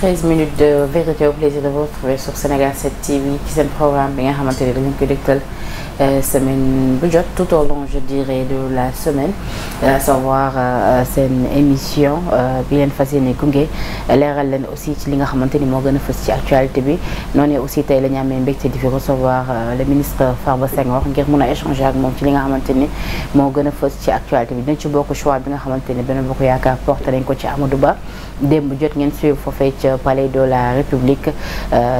13 minutes de vérité au plaisir de vous retrouver TV ci seen programme bi nga xamante ni dañu koy dégtal Euh, semaine bu jot tout au long je dirais de la semaine euh, à savoir euh, seen émission bi leen fas yéene gunge leeral leen aussi ci li nga xamante ni moo gën a fës ci actualité bi noonu aussi tey la ñu amee mbégte di fi recevoir le ministre Farba Senghor ngir mun a échanger ak moom ci li nga xamante ni moo gën a fës ci actualité bi dinañ ci bokk choix bi nga xamante ni beneen bokk yaakaar porte nañ ko ci Amadou Ba démb jot ngeen suivre foofe ca palais de la République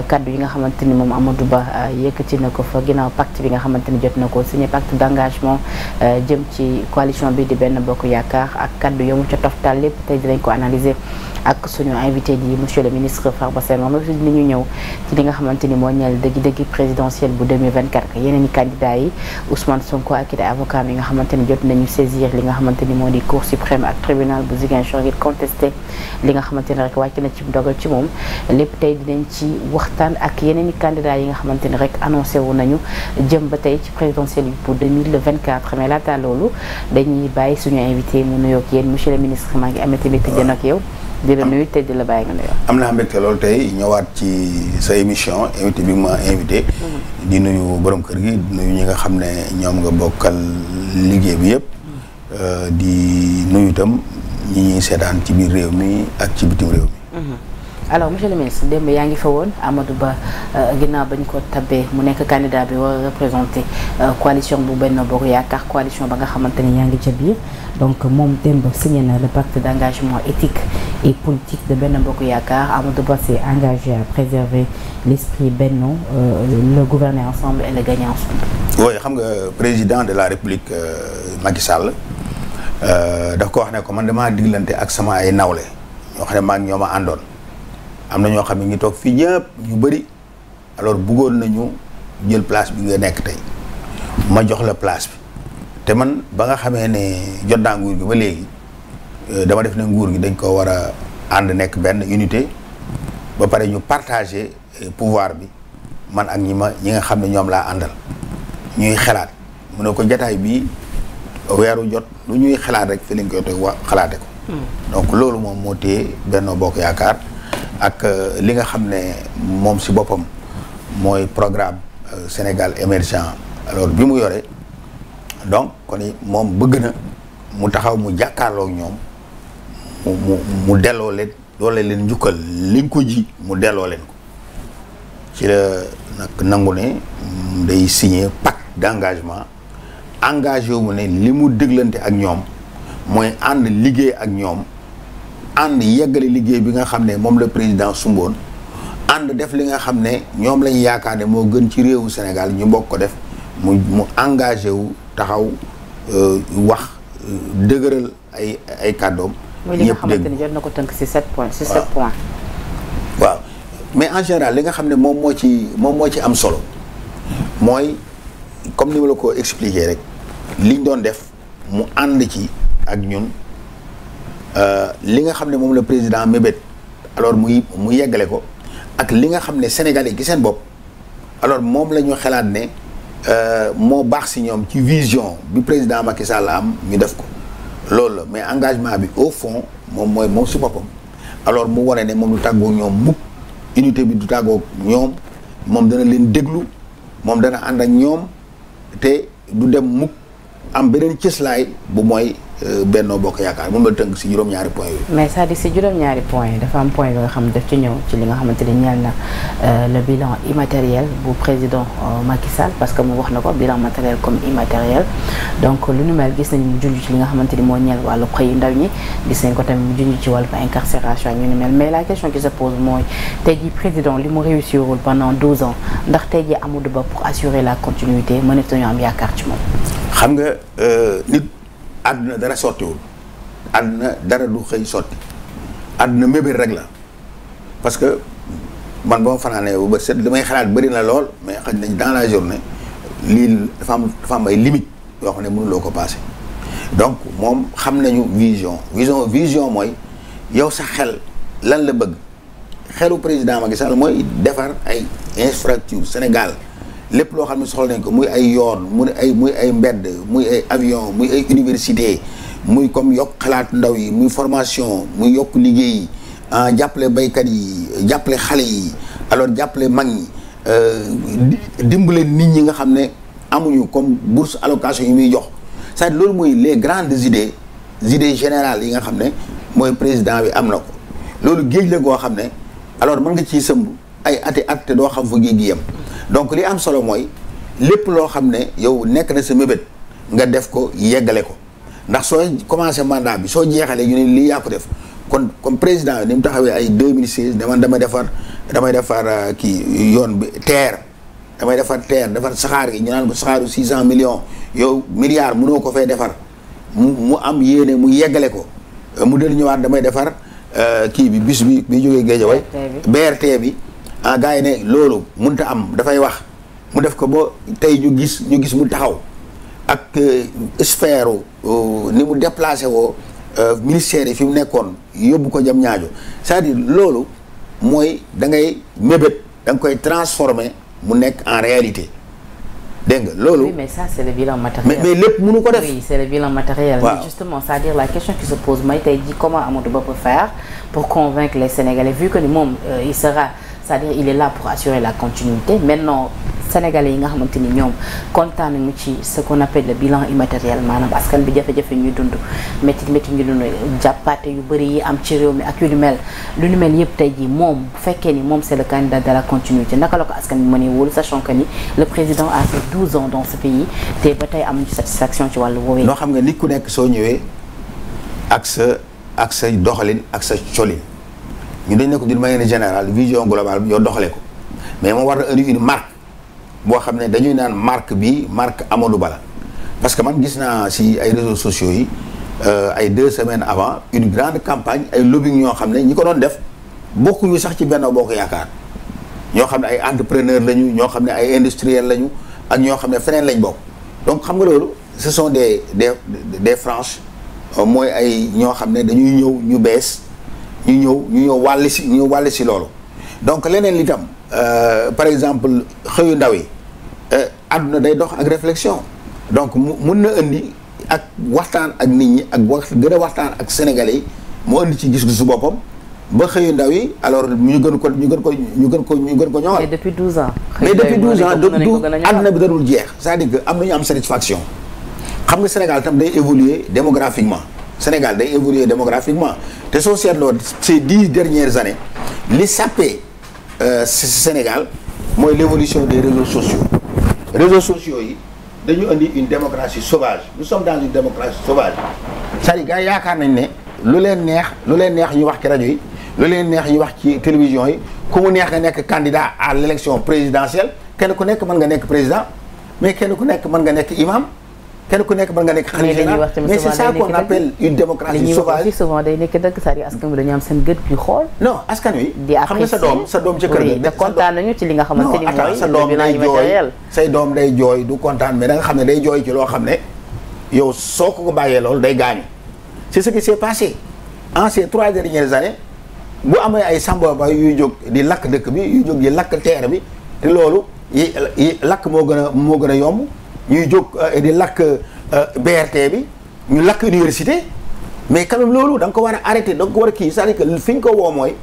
kaddu yi nga xamante ni moom Amadou Ba yëkkati na ko fa ginnaaw bi nga xamante xamante ni jot na ko signé pacte d'engagement euh, jëm ci coalition bi di benn bokk yaakaar ak kaddu yomu ca toftal lépp tey dinañ ko analyser ak suñu invité di monsieur le ministre Farba Senghor moom fi ñu ñëw ci li nga xamante ni moo ñeel dëgg-dëgg présidentielle bu 2024 yeneen i candidats yi Ousmane Sonko ak it avocat yi nga xamante ni jot nañu saisir li nga xamante ni moo di cour suprême ak tribunal bu Ziguinchor ngir contesté li nga xamante ni rek wàcc na ci dogal ci moom lépp tey dinañ ci waxtaan ak yeneen i candidats yi nga xamante ni rek annoncé wu nañu jëm ba tey ci présidentielle bi pour 2024 mais laata loolu dañuy bàyyi suñu invité mu nuyoog yéen monsieur le ministre maa ngi amati mbégte ak yow di la nuyu te di la bàyyi nga nuyoo. am naa mbégte loolu tey ñëwaat ci sa émission invité bi ma invité. Mm-hmm. di nuyu borom kër gi nuyu ñi nga xam ne ñoom nga bokkal liggéey bi yëpp. Mm-hmm. Euh, di nuyu itam ñi ñuy seetaan ci biir réew mi ak ci bitim réew mi. Mm-hmm. alors monsieur le ministre yaa ngi fa woon Amadou Ba euh, naa bañ koo tabee mu nekk candidat bi war a représenté euh, coalition bu Benno Bokk Yaakaar coalition ba nga xamante ni yaa ngi ca biir donc moom démb signé na d' engagement éthique. et politique de Benno Bokk Yaakaar Amadou Ba s'est engagé à préserver l'esprit Benno euh, le gouverner ensemble et le gagner ensemble. président de la République euh, Macky Sall euh, daf ko wax ne ko man damaa diglante ak sama ay nawle ñoo xam ne maa ñoo ma àndoon am na ñoo xam ne ñu toog fii ñëpp ñu bëri alors bëggoon nañu jël place bi nga nekk tey ma jox la place bi te man ba nga xamee ne jot naa bi gi ba léegi. Euh, dama def ne nguur gi dañ koo war a ànd nekk benn unité ba pare ñu partager euh, pouvoir bi man ak ñi ma ñi nga xam ne ñoom laa àndal ñuy xalaat mu ne ko jataay bii weeru jot lu ñuy xalaat rek fi lañ koy toog wa xalaate ko hmm. donc loolu moom moo téye Benno Bokk Yaakaar ak euh, li nga xam ne moom si boppam mooy programme Sénégal émergent alors bi mu yore donc kon moom bëgg na mu taxaw mu jàkkaarloog ñoom mu mu mu delloo leen doole leen njukkal liñ ko ji mu delloo leen ko ci la nag nangu ne day signé pacte d'engagement engagé wu mu ne li mu déglante ak ñoom mooy ànd liggéey ak ñoom ànd yeggale liggéey bi nga xam ne moom la président sumboon ànd def li nga xam ne ñoom lañ yaakaar ne moo gën ci réewu Sénégal ñu mbokk ko def mu mu engagé wu taxaw euh, wax euh, dëgëral ay ay kàddoom mooy li nga xamante ni na ko tënk ci sept points ci sept points waaw mais en général li nga xam ne moom moo ci moom moo ci am solo mooy comme ni ma la ko expliqué rek liñ doon def mu ànd ci ak ñun euh, li nga xam ne moom la président mébét alors muy mu yeggale ko ak li nga xam ne sénégalais gi seen bopp alors moom la ñu xalaat ne euh, moo baax si ñoom ci vision bi président Macky Sall am ñu def ko loolu la mais engagement bi au fond moom mooy moom si boppam alors mu wane ne moom du tàggoo ñoom mukk unité bi du tàggoo ñoom moom dana leen déglu moom dana ànd ak ñoom te du dem mukk am beneen cëslaay bu mooy Euh, Benno Bokk Yaakaar moom la tënk si juróom-ñaari point yooyu. mais c'est-à-dire si juróom-ñaari point yi dafa am point bi nga xam daf ci ñëw ci li nga xamante ni ñeel na euh, le bilan immatériel bu président euh, Macky Sall parce que mu wax na ko bilan matériel comme immatériel donc lu nu mel gis nañu mu junj ci li nga xamante ni moo ñeel wàllu xëy yu ndaw ñi gis nañ ko tamit mu junj ci wàllu incarcération ñu ni mel mais la question qui se pose mooy tey président li mu réussirul pendant 12 àdduna dara sottiwul àdduna dara du xëy sotti àdduna mébét rek la parce que man ba ma fanaanee bu ba set li may xalaat bëri na lool mais xaj nañ dans la journée lii dafa am dafa am ay limites yoo xam ne mënuloo ko passé donc moom xam nañu vision vision vision mooy yow sax xel lan la bëgg xelu président Macky Sall mooy defar ay infrastructure Sénégal lépp loo xam ne soxla nañ ko muy ay yoon mu ne ay muy ay mbedd muy ay avion muy ay université muy comme yokk xalaat ndaw yi muy formation muy yokk liggéey ah jàppale baykat yi jàppale xale yi alors jàppale mag ñi euh, dimbale nit ñi nga xam ne amuñu comme bourse allocation yi muy jox cest à loolu mooy les grandes idées idées générales yi nga xam ne mooy président bi am na ko loolu géej la goo xam ne alors mën nga ciy sëmb ay ati at te doo xam fa géej gi yem donc li am solo mooy lépp loo xam ne yow nekk na sa mébét nga def ko yeggale ko ndax soo commencé mandat bi soo jeexalee ñu ne lii yaa ko def kon comme président ni mu taxawee ay 2016 dama damay defar damay defar euh, kii yoon bi terre damay defar terre defar saxaar gi ñu naan ko saxaaru 600 millions yow milliards mënoo ko fay defar mu mu am yéene mu yeggale ko euh, mu del ñëwaat damay defar euh, kii bi bis bi bi jógee Guédiawaye BRT bi ah gars yi ne loolu mënut a am dafay wax mu def ko ba tey ñu gis ñu gis mu taxaw ak euh, sphère euh, ni mu déplacé woo euh, ministère yi fi mu nekkoon yóbbu ko jam ñaajo cest dire loolu mooy dangay ngay mébét da koy transformer mu nekk en réalité dégg nga loolu. oui mais ça c'est le bilan matériel. mais lépp mënu ko def oui c'est le bilan matériel. waaw mais justement c'est-à-dire la question qui se pose mooy tey jii comment Amadou Ba peut faire pour convaincre les Sénégalais vu que ni moom il c'est-à-dire il est là pour assurer la continuité maintenant sénégalais yi nga xamante ni ñoom kontaan nañu ci ce qu'on appelle le bilan immatériel maanaam askan bi jafe-jafe ñuy dund métti métti ñu dund jàppaate yu bari yi am ci réew mi ak yu ni mel lu ni mel yëpp tey jii moom bu fekkee ni moom c'est le candidat de la continuité naka la ko askan bi mënee wóolu sachant que ni le président a fait 12 ans dans ce pays te ba tey amuñu satisfaction ci wàllu woowee. noo xam nga nit ku nekk soo ñëwee ak sa ak sa doxalin ak sa ñu dañ ne ko d'une manière général vision globale bi ñoo ko mais moo war na indi une boo xam ne dañuy naan marque bi marque Amadou Ba la parce que man gis naa si ay réseaux sociaux yi euh, ay deux semaines avant une grande campagne ay lobbying ñoo xam ne ñi ko doon def bokkuñu sax ci Benno Bokk Yaakaar ñoo xam ne ay entrepreneur lañu ñoo xam ne ay industriel lañu ak ñoo xam ne feneen lañ bokk donc xam nga loolu ce sont des des des franches euh, mooy ay ñoo xam ne dañuy ñëw ñu bees. ñu ñëw ñu ñëw wàll si ñu ñëw wàll si loolu donc leneen li tam euh, par exemple xëyu ndaw yi euh, àdduna day dox ak réflexion donc mu mun na indi ak waxtaan ak nit ñi ak wax gën a waxtaan ak sénégalais yi moo indi ci gis-gisu boppam ba xëyu ndaw yi alors ñu gën ko ñu gën ko ñu gën ko ñu gën ko ñoŋal. mais depuis 12 ans. mais depuis du àdduna bi darul jeex. c'est-à-dire que am nañu am satisfaction xam nga Sénégal tam day évoluer démographiquement. Sénégal day évoluer démographiquement te soo seetloo ces dix dernières années li sàppee euh, Sénégal mooy l'évolution des réseaux sociaux réseaux sociaux yi dañu indi une démocratie sauvage nous sommes dans une démocratie sauvage cest à yaakaar nañ ne lu leen neex lu leen neex ñu wax ci rajo yi lu leen neex ñu wax ci télévision yi ku mu neex nga nekk candidat à l'élection présidentielle kenn ku nekk mën nga nekk président mais kenn ku nekk mën nga nekk imam kenn ku nekk mën nga nekk xarit général mais c'est ça qu'on appelle une démocratie souvent day nekk dëgg cest à askan wi dañu am seen gët ñu xool non askan wi di xam nga sa doom sa doom ca kër ga te kontaan nañu ci li nga xamante sa doom day jooy say doom day jooy du kontaan mais da nga xam ne day jooy ci loo xam ne yow soo ko ko bàyyee loolu day gaañu ci ce qui s'est passé en ces trois dernières années bu amee ay Samba Ba yuy jóg di lakk dëkk bi yuy jóg di lakk terre bi te loolu yi lakk moo gën a moo gën a yomb ñuy jóg euh, di lakk euh, BRT bi ñu lakk université mais quand loolu da nga ko war a arrêté da nga ko war a kii cest à que fi ñu ko woo mooy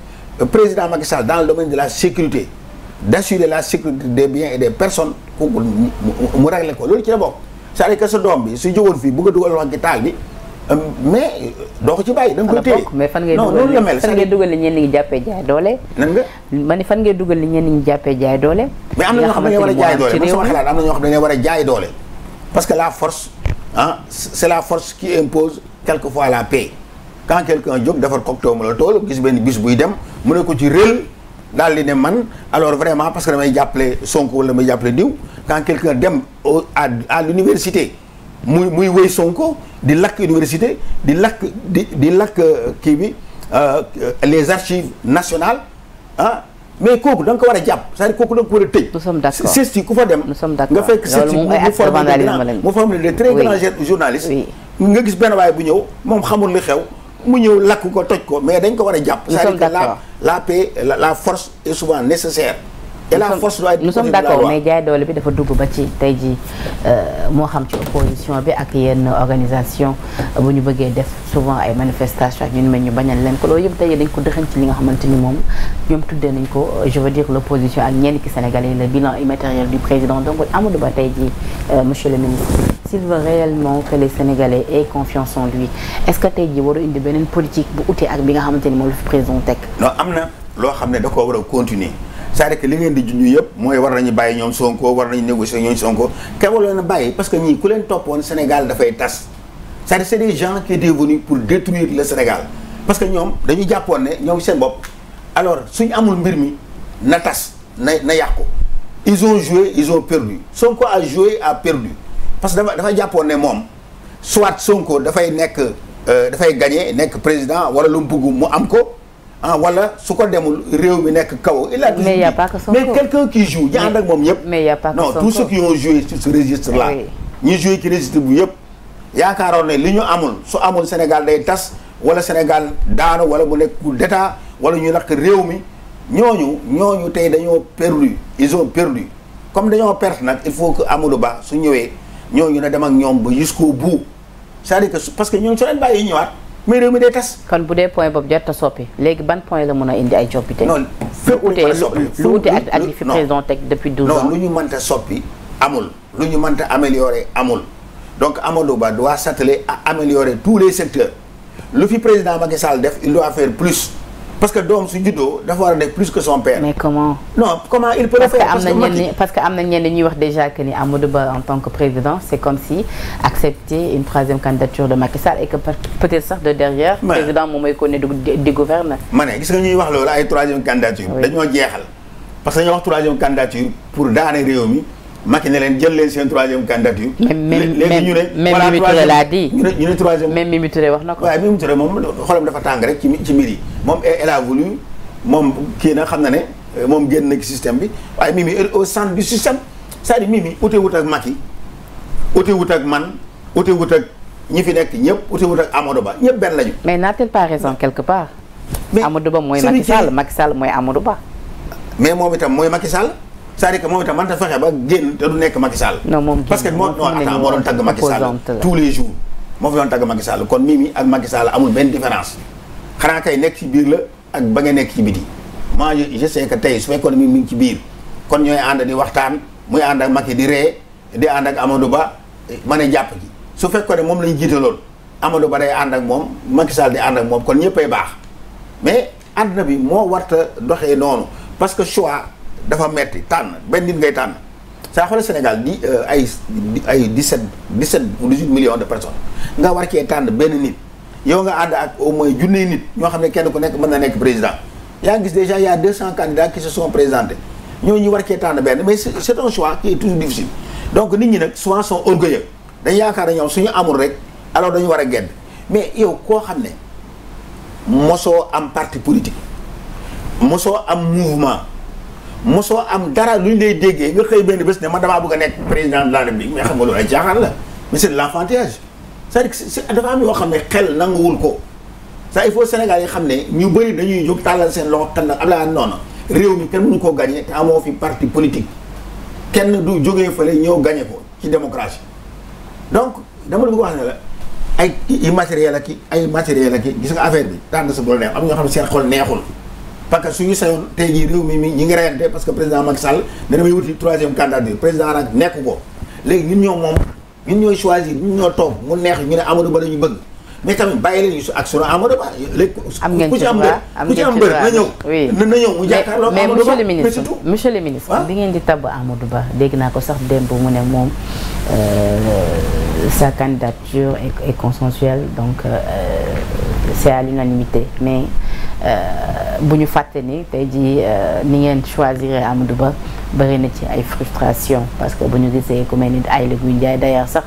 euh, président Macky Sall dans le domaine de la sécurité d'assurer la sécurité des bien et des personnes kooku mu réglé ko loolu ci la bokk c'est-à-dire que sa doom bi su jógoon fii bëgg a dugal loxo ci taal bi Euh, mais doo ko ci bàyyi da nga téye mais fan ngay dugal fan ngay dugal li ñenn ñi jàppee jaay doole nan nga ma ne fan ngay dugal li ñenn ñi jàppee jaay doole mais am na ñoo xam ne a jaay doole ne war a jaay doole parce que la force ah c'est la force qui impose quelquefois la paix quand quelqu'un jóg defar cocktail mu la tool gis benn bis buy dem mu ne ko ci réel daal di ne man alors vraiment parce que damay jàppale Sonko wala damay jàppale diw quand quelqu'un dem à à l'université muy muy wéy Sonko di lakk université di lakk di di lakk euh, kii bi euh, les archives nationales ah mais kooku da nga ko war a jàpp c'est-à-dire kooku da nga ko war a tëj. nous sommes d'accord CESTI ku fa mu forme mu forme grand journaliste. nga gis benn waay bu ñëw moom xamul li xew. mu ñëw lakk ko toj ko mais dañ ko war a jàpp. c'est-à-dire que la la paix la force est souvent nécessaire. et la force doo être nous sommes d'accord mais jaay doole bi dafa dugg ba ci tey jii euh, moo xam ci opposition bi ak yenn organisation euh, bu ñu bëggee def souvent ay manifestations ak ñun mel ñu bañal leen ko loolu yëpp tey dañ ko dëxañ ci li nga xamante ni moom ñoom tuddee nañ ko euh, je veux dire l'opposition ak ñenn ki Sénégalais le bilan immatériel du président donc Amadou Ba tey jii monsieur le ministre s'il veut réellement que les Sénégalais aient confiance en lui est-ce que tey jii waru indi beneen politique bu utee ak bi nga xamante ni moom la fi loo xam ne da ko war a continuer c'est-à-dire que li ngeen di junj yëpp mooy war nañu bàyyi ñoom Sonko war nañu négocier ñoom Sonko teewul leen a bàyyi parce que ñii ku leen toppoon Sénégal dafay tas c'est-à-dire c'est des gens qui étaient venus pour parce que ñoom dañu jàppoon ne ñoom seen bopp alors suñu amul mbir mi na tas na na yàqu ils ont joué ils ont Sonko a joué a perdu parce que dafa jàppoon ne moom soit Sonko dafay nekk euh, dafay gagner nekk président wala lu mu bëgg mu am ko. ah wala su ko demul réew mi nekk kaw. il a mais y' que Sonko mais quelqu'un qui joue. ñi ànd ak moom yëpp mais y' a pas que Sonko non tous ceux qui ont joué sur ce registre ñi joué ci registre bu yëpp. yaakaaroon ne li ñu amul su amul Sénégal day tas wala Sénégal daanu wala bu nekk coup d'état wala ñu lakk réew mi ñooñu ñooñu tey dañoo perdu ils ont perdu comme dañoo perte nag il faut que amulu Ba su ñëwee ñooñu na dem ak ñoom ba jusqu'au bout c'est-à-dire que parce que ñooñu su leen bàyyi ñëwaat. mais réew mi day tas. kon bu dee point boobu jot a soppi léegi ban point la mën a indi ay coppite. non fépp lu mën a soppi lu wutee ak ak li fi président teg depuis 12 ans. non lu ñu mënta soppi amul lu ñu mënta améliorer amul donc Amadou Ba doit s'atteler à améliorer tous les secteurs lu fi président Macky Sall def il doit faire plus. parce que doom su juddoo dafa war a nekk plus que son père. mais comment. non comment il peut le faire parce que am na ñenn parce que am na ñenn ñuy wax déjà que ni Amadou Ba en tant que président c'est comme si accepter une troisième candidature de Macky et que peut-être sax de derrière. président moom mooy connaît di di gouverne. ma ne gis troisième candidature. dañoo jeexal parce Macky ne leen jël leen seen troisième candidature. léegi ñu ne. même Mimi Touré laa di. ñu ne ñu ne troisième même Mimi Touré wax waaye Mimi Touré moom xolam dafa tàng rek ci ci mbir moom elle moom kii na xam na ne euh, moom génn na ci système bi waaye Mimi au centre du système sa à dire Mimi ute wut ak Macky ute wut ak man ute wut ak ñi fi nekk ñëpp ute wut ak Amadou Ba ñëpp benn la mais n'a-t-elle pas raison quelque part. mais Amadou Ba mooy Macky Sall Macky Sall mooy Amadou Ba. mais moom itam mooy Macky Sall. c'est-à-dire que moom itam mënta fexe ba génn te du nekk Macky Sall. non parce que moo non attends tagg Macky tous les jours moo fi doon tagg Macky Sall kon Mimi ak Macky amul benn différence xanaa kay nekk ci biir la ak ba nga nekk ci biti moi je sais que tey su fekkoon mi mi ngi ci biir kon ñooy ànd di waxtaan muy ànd ak Macky di ree di ànd ak Amadou Ba mën a jàpp ji su fekkoon ne moom lañ jiitaloon Amadou Ba ànd ak moom Macky Sall di ànd ak moom kon ñëppay baax mais ànd na bi moo warta doxee noonu parce que choix dafa metti tànn benn nit ngay tànn saa xoolal Sénégal di euh, ay ay dix-sept dix-sept ou dix-huit millions de personnes nga war cee tànn benn nit yow nga ànd ak au moins junne nit ñoo xam ne kenn ku nekk mën na nekk président yaa ngi gis déjà y a deux cent candidats qui se sont ñoo ñooñu war cee tànn benn mais c'est un choix qui est toujours difficile donc nit ñi nag souvent sont orgueilleux dañ yaakaar ne ñoom suñu amul rek alors dañu war a gedd mais yow koo xam ne mosoo am parti politique mosoo am mouvement mosoo am dara lu ñu lay déggee nga xëy benn bés ne ma damaa bëgg a nekk président de la république xam nga loolu ay jaaxaan la mais c'est de l'enfantillage cest à dafa am yoo xam ne xel nanguwul ko ça il faut Sénégal yi xam ne ñu bëri dañuy jóg tàllal seen loxo xel nag Abdoulaye noonu réew mi kenn mënu koo gagné te amoo fi parti politique kenn du jógee fële ñëw gagné ko ci démocratie donc dama la bëgg wax ne la ay immatériel ak i ay matériel ak i gis nga affaire bi daan sa bool neex am ñoo xam ne seen xol neexul parce que suñu sayoon tey jii réew mi mi ñi ngi reyante parce que président Macky Sall dana may wuti troisième candidature président nag nekk ko léegi ñun ñoo moom ñun ñooy choisir ñun ñoo toog mu neex ñu ne Amadou Ba la ñu bëgg mais tamit bàyyi leen su ku ci am bër ku ci am bër na ñëw na ñëw mu jàkkaarloo mais monsieur le ministre monsieur naa ko sax démb mu ne moom euh, sa candidature est consensuelle donc euh, c'est à l'unanimité mais euh, bu ñu fàtte ni tey jii euh, ni ngeen choisir Amadou Ba bëri na ci ay frustration parce que bu ñu gisee ku mel ni Aly Ngouille Ndiaye d'ailleurs sax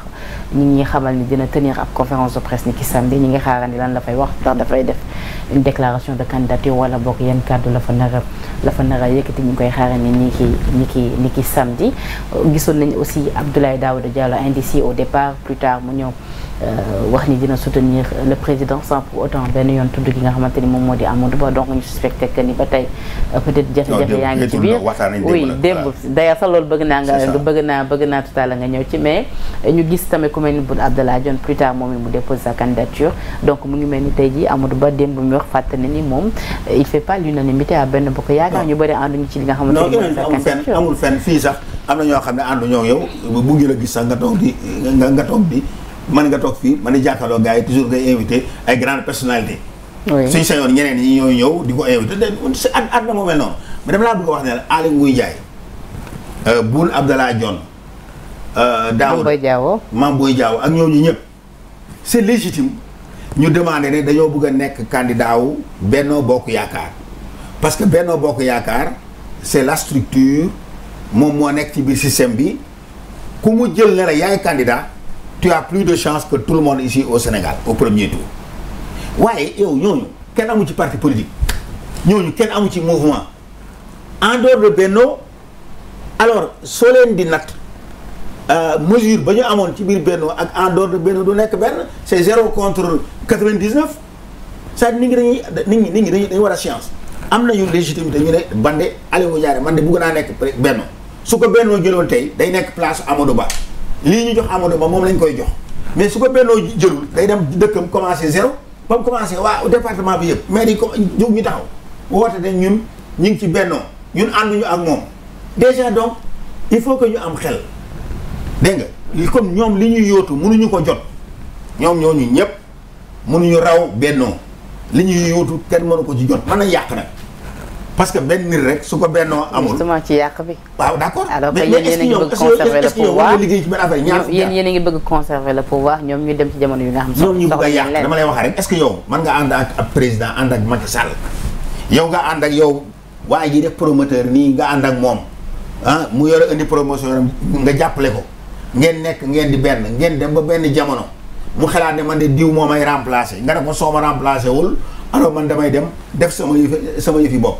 ñi ngi xamal ni dina tenir ab conférence de presse ni ki samedi ñu ngi ni lan la fay wax ndax dafay def une déclaration de candidature wala bokk yenn kàddu la fa nara la fa nara yëkkati ñu ngi koy xaarandi ni ki ni ki ni ki samedi gisoon nañ aussi Abdoulaye Daouda indi indécis au départ plus tard mu ñëw wax ni dina soutenir le président sans pour autant benn yoon tudd gi nga xamante ni moom moo di Amadou Ba donc ñu suspecté que ni ba tey euh, peut-être jafe-jafe yaa ngi ci biir oui bëgg naa bëgg naa bëgg naa tout à l'heure mais gis tamit ku mel ni Boun Abdallah Dionne plus tard moom mu dépose sa candidature donc mu ngi mel ni tey jii Amadou Ba démb mi wax fàtte na ni moom euh, il fait pas l'unanimité à benn bokk yaakaar ñu bëri ànduñu ci li nga xamante amul fenn fii sax am na ñoo xam ne àndu ñoo yow bu ngi la gis sax nga toog di nga toog di mën nga toog fii mën a jàkkaarloo gaa yi toujours ngay invité ay grandes personnalités. oui suñu sañoon ñeneen ñi ñooy ñëw di ko invité te si at at na moo mel noonu. mais dama laa bëgg a wax ne la Aly Ngouille Ndiaye. Euh, Boun Abdallah Dionne. Euh, Daoud Mame Boye Diao ak ñooñu ñëpp. c' est légitime ñu demander ne dañoo bëgg a nekk candidat wu Benno Bokk Yaakaar parce que Benno Bokk Yaakaar c' est la structure moom moo nekk ci biir système bi ku mu jël ne la yaay candidat. tu as plus de chance que tout le monde ici au Sénégal au premier tour waaye yow ñooñu kenn amu ci parti politique ñooñu kenn amu ci mouvement en dehors de Benno alors soo leen di natt euh, mesure ba ñu amoon ci biir Benno ak en dehors de Benno du nekk benn c'est zéro contre quatre-vingt-dix-neuf c'est-à-dire nit ñi dañuy nit ñi nit ñi dañu war a science am nañu légitimité ñu ne bande Aliou Ndiaye man de bugg naa nekk Benno su ko Benno jëloon tey day nekk place Amadou Ba lii ñu jox Amadou Ba moom lañ koy jox mais su ko bennoo jëlul day dem dëkkam commencé zéro ba mu commencé waa département bi yëpp maire yi ko jóg ñu taxaw woote ne ñun ñu ngi ci bennoo ñun ànduñu ak moom déjà donc il faut que ñu am xel dégg nga comme ñoom li ñuy yootu mënuñu ko jot ñoom ñoo ñu ñëpp mënuñu raw bennoo li ñuy yóotu kenn mënu ko ci jot mën na yàq nag parce que benn nit rek su ko bennoo amul. ma ci yàq bi. waaw d' accord alors que yéen a ngi bëgg conserver le pouvoir liggéey ci a ngi ñoom ñu dem ci jamono yu nga xam. ñoom ñu a yàq dama lay wax rek est que yow mën nga ànd ak président ànd ak Macky Sall yow nga ànd ak yow waa jii def promoteur nii nga ànd ak moom ah mu yore indi promotion nga jàppale ko ngeen nekk ngeen di benn ngeen dem ba benn jamono mu xalaat ne man de diw moo may remplacé nga ne ko soo ma wul alors man damay dem def sama yëfi sama yëfi bopp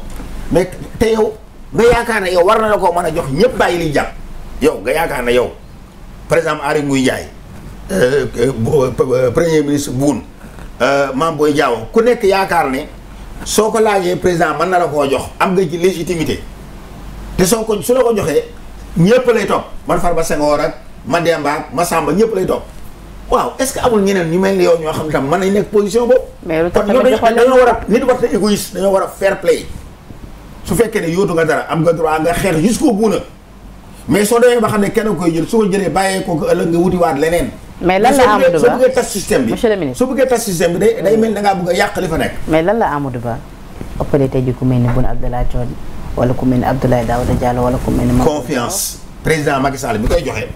mais te yow nga yaakaar ne yow war na la koo mën a jox ñëpp bàyyi liñ jàpp yow nga yaakaar na yow par exemple Aly Ngouille Ndiaye euh, euh, euh, premier ministre Boun Mame booy Diao ku nekk yaakaar ne soo ko laajee président man na la koo jox am nga ci légitimité te soo ko su la ko joxee ñëpp lay topp man Farba Senghor ak Mademba ak Massamba ñëpp lay topp waaw est-ce que amul ñeneen ñu mel ni yow ñoo xam tam mën nañ nekk position boobu. mais lu tax dañoo war a nit war a égoïste dañoo war a fair play. su fekkee ne yóotu nga dara am nga droit nga xeex jusqu'au bout nag mais soo demee ba xam ne kenn koy jël su ko jëlee bàyyee ko ko ëllëg nga wutiwaat leneen. mais lan la Amadou Ba soo bëggee tas système bi day mel da ngaa bëgg a yàq li fa nekk. mais lan la Amadou Ba ëppale tey wala ku mel ni Abdoulaye Daouda Diallo wala ku mel ni. confiance président Macky Sall bi koy joxe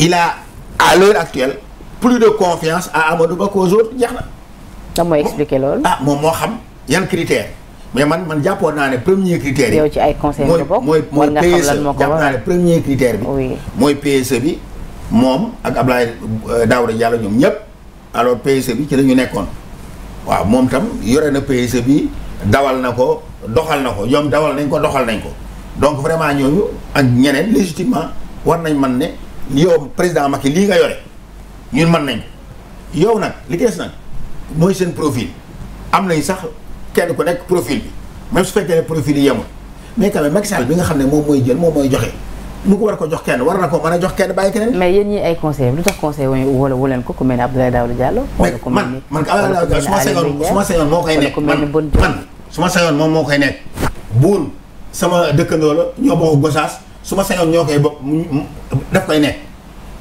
il a à actuelle plus de confiance à Amadou Ba qu'aux autres jeex na. lan mooy expliquer loolu. ah moom moo xam yan critère mais man man jàppoon naa ne premier critère yi. ci ay conseil nga mooy mooy PSE jàpp naa ne premier critère bi. mooy PSE bi moom ak Abdoulaye euh, Daouda Diallo ñoom ñëpp alors PSE bi ci la ñu nekkoon waaw moom tam yore na ps e bi dawal na ko doxal na ko ñoom dawal nañ ko doxal nañ ko donc vraiment ñooñu ak ñeneen légitimement war nañ man ne yow président Macky lii nga yore ñun mën nañ yow nag li kees nag mooy seen profil am nañ sax. kenn ku nekk profil bi même su fekkee ne profil yemul mais quand même Macky bi nga xam ne moom mooy jël moom mooy joxe mu ko war ko jox kenn war na ko mën a jox kenn bàyyi keneen. mais yéen ñii ay conseillers lu tax conseil wala wu leen ko ku mel ne Abdoulaye Daouda Diallo. wala ku mel ni man man Abdoulaye su ma sañoon moo koy nekk man man ma sañoon moom moo koy nekk. buun sama dëkkandoo la ñoo bokk gosaas su ma sañoon ñoo koy bokk daf koy nekk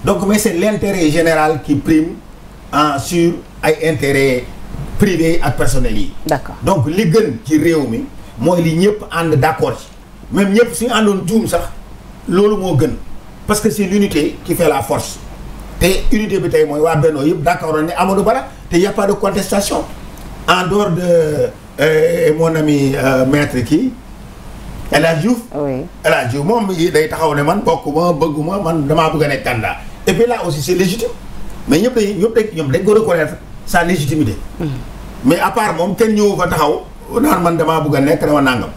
donc mais c'est l'intérêt général qui prime en sur ay intérêt. privé yi ak personnel yi. d'accord donc li gën ci réew mi mooy lii ñëpp ànd d'accord ci même ñëpp si àndoon juum sax loolu moo gën parce que c'est l'unité ki fait la force te unité bi tey mooy waa Benno yëpp d'accord ne Amadou Ba la te y a pas de contestation en dehors de euh, mon ami euh, maître kii El Hadj Diouf. oui El Hadj Diouf moom day taxaw ne man bokkuma bëgguma man damaa bëgg a nekk candidat et puis là aussi c'est légitime mais ñëpp dañuy ñëpp dañ ñoom dañ ko reconnaître sa légitimité. mais à part moom kenn ñëw fa taxaw naan man damaa bëgg a nekk dama nangam.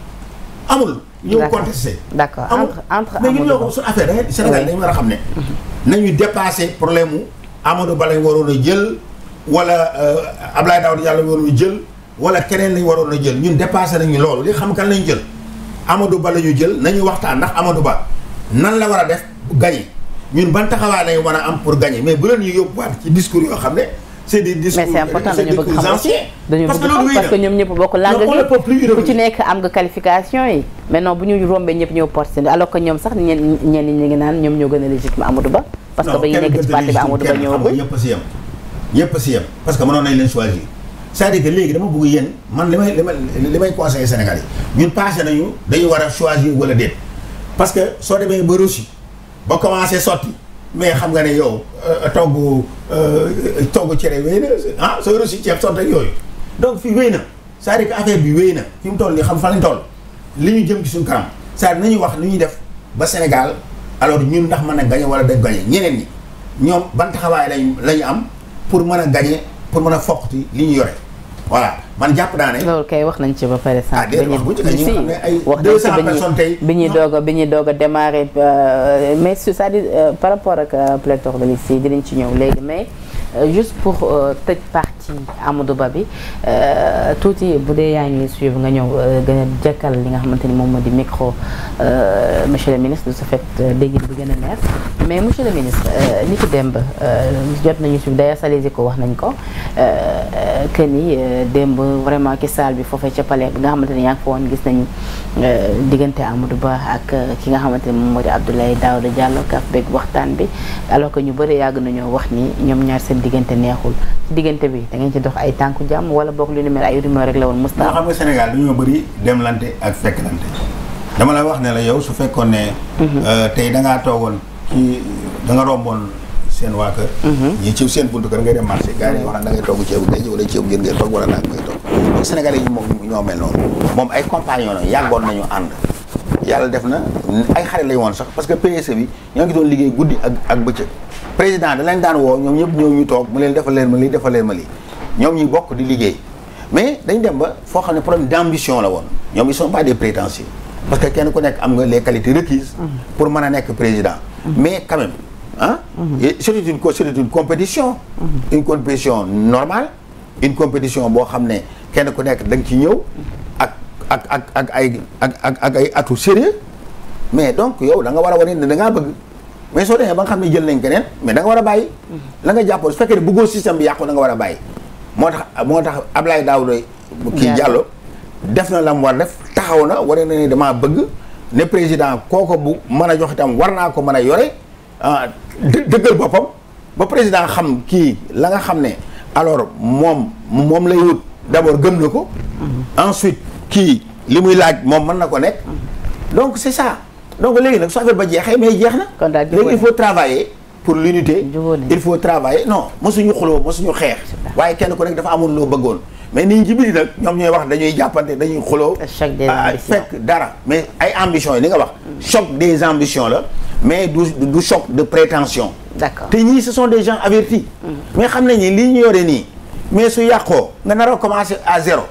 amul ñëw contesté. d'accord entre entre mais ñun ñoo suñu affaire da Sénégal dañu war a xam ne. Mhm. nañu dépassé problème mu Amadou Ba lañ waroon a jël wala euh, Abdoulaye Daouda Diallo waroon a jël wala keneen lañ waroon a jël ñun dépassé nañu loolu li xam kan lañ jël. Amadou Ba la ñu jël nañu waxtaan ndax Amadou Ba nan la war a def gagné ñun ban taxawaay lañ war a am pour gagné mais bu leen ñu yóbbuwaat ci discours yoo xam ne. c'est des discours c'est important dañu bëgg xam aussi dañu parce que ñoom ñëpp bokk langue gi ku ci nekk am nga qualification yi maintenant bu ñu rombee ñëpp ñëw porté alors que ñoom sax ñenn ñenn ñi ngi naan ñoom ñoo gën a légitime Amadou Ba parce que ba ñu nekk ci parce que mënoon nañ leen choisir cest à léegi dama bëgg yéen man li may li may conseiller Sénégal yi ñun passé nañu dañu war a choisir wala déet parce que soo demee ba réussi mais xam nga ne yow togg euh, togg euh, cere wéy ah soo reçu ceeb yooyu donc fi wéy na c'est-à-dire affaire bi wéy na fi mu toll nii xam fan lañ toll li ñu jëm ci suñu kanam nañu wax ni ñuy def ba Sénégal alors ñun ndax mën a gañe wala dañ gañe ñeneen ñi ñoom ban taxawaay lañ la am pour mën a gañe pour mën a foqti li ñu yore voilà man jàpp naa ne. loolu kay wax nañ ci ba pare sànq. ah déedéet wax bu ci ne ay 200 personnes tey bi ñuy doog a bi ñuy doog a démarrer euh, mais c'est-à-dire euh, par rapport ak euh, pléthore de liste yi dinañ ci ñëw léegi mais juste pour tëj partie. Amadou Ba bi euh, tuuti bu dee yaa ñuy suivre nga ñëw euh, gën a li nga xamante ni moom moo di micro euh, monsieur le ministre de ce fait déggin bi gën a neex mais monsieur le ministre ni ki démb jot nañu suivre d'ailleurs Salé Zico wax nañ ko ken ni démb vraiment ki saal bi foofee ca palais bi nga xamante ni yaa ngi fa woon gis nañu diggante Amadou Ba ak ki nga xamante ni moom moo di Abdoulaye Daouda Diallo kaaf beeg waxtaan bi alors que ñu bëri yàgg nañoo wax ni ñoom ñaar seen diggante neexul ngeen ci dox ay tànku jàmm wala boog lu ni mel ay rumeur rek la woon Moustapha. nga xam nga Sénégal dañoo bëri demlante ak fekklante dama la wax ne la yow su fekkoon ne. Mhm. Euh, tey da ngaa toogoon ci da nga romboon seen waa kër. Mhm. ñii ci seen buntu kër ngay dem marché gars yi wax da ngay togg ceebu ngay wala ceebu ngeen yi moom ñoo mel noonu moom ay compagnons la yàggoon nañu ànd. yàlla def na ay xarit lañu woon sax parce que PSE bi ñoo ngi doon liggéey guddi ak ak bëccëg président da daan woo ñoom ñëpp ñëw ñu toog mu leen defal leen ma lii defal leen ma lii ñoom ñi bokk di liggéey mais dañ dem ba foo xam ne problème d' ambition la woon ñoom ils sont pas des prétentieux parce que kenn ku nekk am nga les qualités requises mm-hmm. pour mën a nekk président mm-hmm. mais quand ah c'est une c'est une compétition une compétition normale une compétition boo xam ne kenn ku nekk da nga ci ñëw ak ak ak ak ay ak ak ak ay atout sérieux mais donc yow da nga war a wane ne da ngaa bëgg mais soo demee ba nga xam ne jël nañ keneen mais da war a bàyyi la nga jàppoo su fekkee ne bëggoo système bi yàqu na nga war a bàyyi moo tax moo tax Ablaye Daouda kii Diallo def na la mu war def taxaw na waree na ni damaa bëgg ne président kooko bu mën a jox itam war naa ko mën a yore ah, dëggal boppam ba président xam kii la nga xam ne alors moom moom lay wut d'abord gëm na ko mhm. ensuite kii li muy laaj moom mën na ko nekk mhm. donc c'est ça donc léegi nag su affaire ba jeexee mais jeex na léegi il faut travailler pour l'unité il faut travailler non mosuñu xuloo mosuñu xeex waaye kenn ku nekk dafa amoon loo bëggoon mais ni ñi ci biir nag ñoom ñooy wax dañuy jàppante dañuy xuloo ah, fekk dara mais ay ambition yi li nga wax choc des ambitions la mais du du choc de prétention d'accord te ñii ce sont des gens avertis mm. mais xam nañ ni lii ñu yore nii mais su yàqoo nga nar a commencer à zéro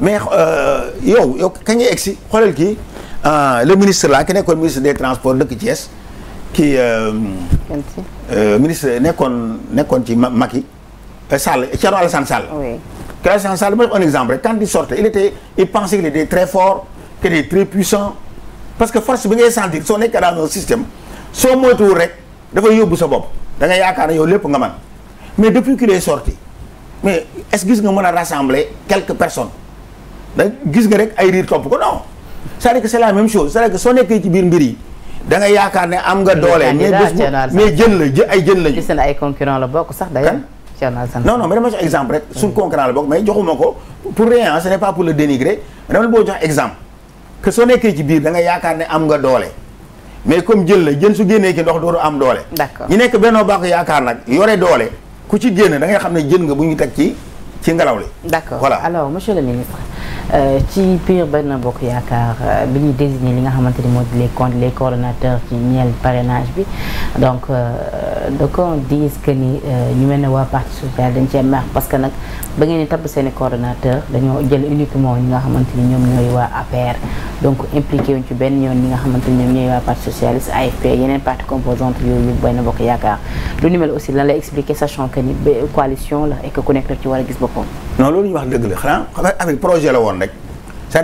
mais euh, yow yow kañ egg si xoolal kii euh, le ministre là ki nekkoon ministre des transports dëkk Thiès kii euh, euh, ministre nekkoon nekkoon ci Macky yi euh, Thierno Alassane Sall. oui Alassane Sall mooy un exemple rek quand il sortait il était il pensait qu'il était parce que force bi ngay sentir soo nekkee dans un système soo moytuwul rek dafay yóbbu sa bopp da nga yaakaar ne yow lépp nga man mais depuis qu'il est sorti mais gis nga mën a rassembler quelques personnes da gis nga rek ay riir topp la même chose soo nekkee ci biir mbir yi. da nga yaakaar ne am nga doole. mais mais jën la jë jën lañu. gis na ay concurrent la bokk sax d'ailleurs. non non mais dama jox exemple rek. suñu concurrent la bokk mais joxuma ko pour rien ce n'est pas pour le dénigrer boo jox exemple. que soo nekkee ci biir da nga yaakaar ne am nga doole. mais comme jël la jën su génnee ki ndox dootu am doole. d'accord ñu nekk Benno Bokk Yaakaar nag yore doole ku ci génn da ngay xam ne jën nga bu ñu teg ci ci ngelaw li. d'accord voilà alors monsieur le ministre. Euh, ci biir benn bokk yaakaar euh, bi ñuy désigné li nga xamante ni moo di les con les coordonnateurs ci ñeel parrainage bi donc euh, de qu'on dise que ni ñu mel ne waa parti social dañ cee mer parce que nag ba ngeen di seen i coordonnateur dañoo jël uniquement ñi nga xamante ni ñoom ñooy waa APR donc impliqué wuñ ci benn yoon ñi nga xamante ni ñoom ñooy waa parti socialiste AFP yeneen parti composante yooyu benn bokk yaakaar lu ni mel aussi lan lay expliqué sachant que ni nekk daf ci war a gis boppam non loolu ñu wax dëgg la xanaa avec projet la woon yoroon rek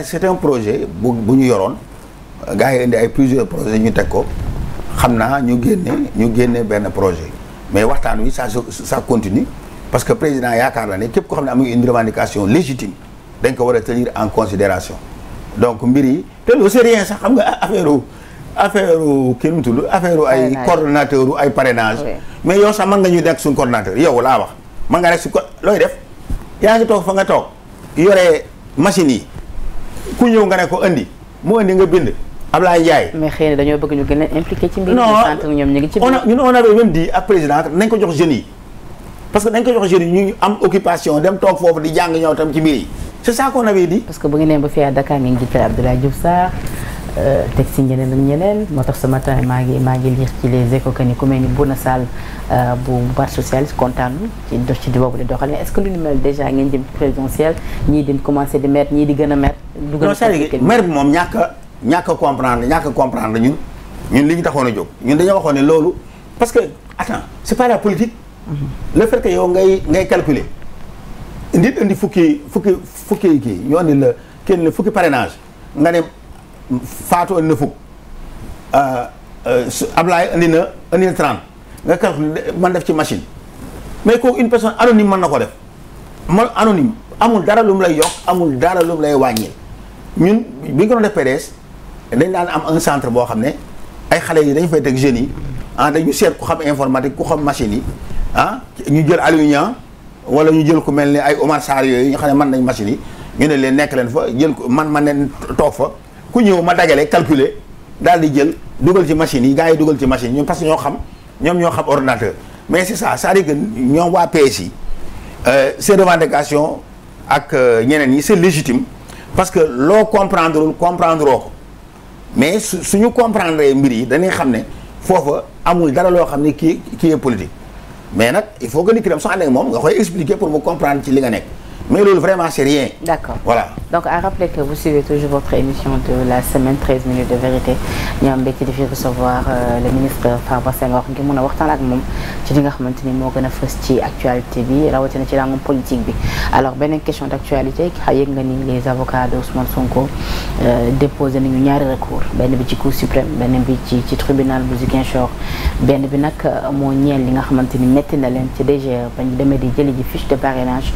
c'est-à-dire projet bu bu ñu yoroon gars yi indi ay plusieurs projets ñu teg ko xam naa ñu génne ñu génne benn projet mais waxtaan wi ça ça continue parce que président yaakaar na ne képp ko xam ne am une revendication légitime dañ ko war a tenir en considération donc mbir yi te lu sax xam nga affaire affaire kii nu mu tudd ay coordonnateur ay parrainage mais yow sax mën nga ñu nekk suñu coordonnateur yow laa wax mën nga nekk su ko looy def yaa ngi machine yi ku ñëw nga ne ko andi mu andi nga bind Ablaye Ndiaye. mais xëy na dañoo bëgg ñu gën a impliqué ci mbir mi. centre ñu ngi ci biir ñun on avait ak président nañ ko jox jeunes yi parce que nañ ko jox jeunes yi ñu am occupation dem toog foofu di jàng ñëw tam ci mbir yi c'est ça qu'on avait parce que bu ngeen nee ba fii à Dakar ngeen jiital Abdoulaye Diouf Euh, teg si ñeneen ñeneen moo tax ce matin maa ngi maa ngi lire ci les échos que ni ku mel ni Bouna Sall euh, bu parti socialiste kontaan ci ci di boobu di doxalee est-ce que lu ñu mel déjà ngeen jëm ci di commencé di mer ñii di gën a mer. du gën a bi moom ñàkk a ñàkk a comprendre ñàkk a comprendre ñun ñun li ñu taxoon a jóg ñun dañoo waxoon loolu parce que attends c'est pas la politique. Mm-hmm. le fait que yow ngay ngay calculer. nit indi fukki fukki fukki kii ñoo andi la kenn fukki parrainage nga ne. Fatou indi na fukk euh, euh, Ablaye indi na indi na trente nga calcule man def ci machine mais kooku une personne anonyme man na ko def man anonyme amul dara lu mu lay yokk amul dara lu mu lay wàññil ñun bi nga doon def PDS dañ daan am un centre boo xam ne ay xale yi dañu fay teg gen yi ah dañu seet ku xam informatique ku xam machine yi ah ñu jël Aliou Niang wala ñu jël ku mel ni ay Omar Sarr yooyu ñu xam ne man nañ machine yi ñu ne leen nekk leen fa jël ko man man leen toog ku ñëw ma dajale calculer daal di jël dugal ci machine yi gars yi dugal ci machine ñoom parce que ñoo xam ñoom ñoo xam ordinateur mais c'est ça c'est-à-dire que ñoom waa PS yi euh, ces revendications ak euh, ñeneen yi c'est légitime parce que loo comprendrewul comprendre oo ko mais su suñu comprendre mbir yi dañuy xam ne foofa amul dara loo xam ne kii kii est politique mais nag il faut que nit ki dem soo ànd ak moom nga koy pour mu comprendre ci li nga nekk mais loolu vraiment c'est rien. d'accord voilà. donc à rappeler que vous suivez toujours votre émission de la semaine 13 minutes de vérité ñu am mbégte di fi recevoir euh, le ministre Farba Senghor ngir mën a waxtaan ak moom ci li nga xamante ni moo gën a fës ci actualité bi rawatina ci làngum politique bi. alors beneen question d'actualité yëg nga ni les avocats de Ousmane Sonko euh, déposé nañu ñaari recours benn bi ci Cour suprême benn bi ci ci tribunal bu Ziguinchor benn bi nag euh, moo ñeel li nga xamante ni metti na leen ci DGE ba ñu demee di jëli ji fiche de parrainage.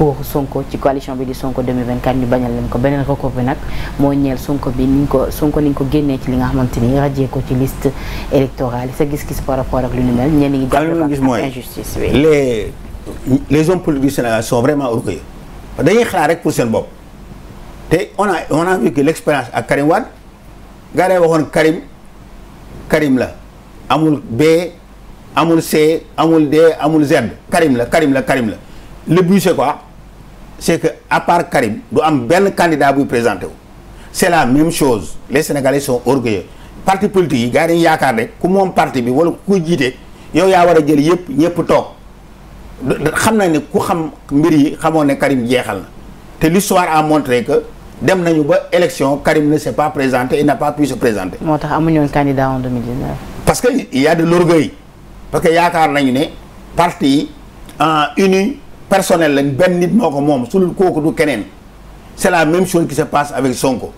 pour Sonko ci coalition bi di Sonko 2024 ñu bañal leen ko beneen recours bi nag moo ñeel Sonko bi ni ñu ko ni ñu ko génnee ci li nga xamante ni rajee ko ci liste électorale sa gis-gis par rapport ak lu ni mel ñenn ñi gis mooy injustice bi les les hommes politiques du Sénégal sont vraiment orgueilleux dañuy xalaat rek pour seen bopp te on a on a vécu l'expérience ak Karim Wade gaa day waxoon Karim Karim la amul B amul C amul D amul Z Karim la Karim la Karim la le but c'est quoi c'est que à part Karim du am benn candidat buy présenté wu c'est la même chose les sénégalais sont orgueilleux parti politique yi gars yi dañu yaakaar ne ku moom parti bi wala ku ko jiite yow yaa war a jël yëpp ñëpp toog xam nañ ne ku xam mbir yi xamoon ne Karim jeexal na te l'histoire a montré que dem nañu ba élection Karim ne s'est pas présenté il n'a pas pu se présenter. moo tax amuñu woon candidat en 2019. parce que il y a parce que yaakaar nañu ne parti yi personnel lañ benn nit moo ko moom sul kooku du keneen c'est la même chose qui se passe avec Sonko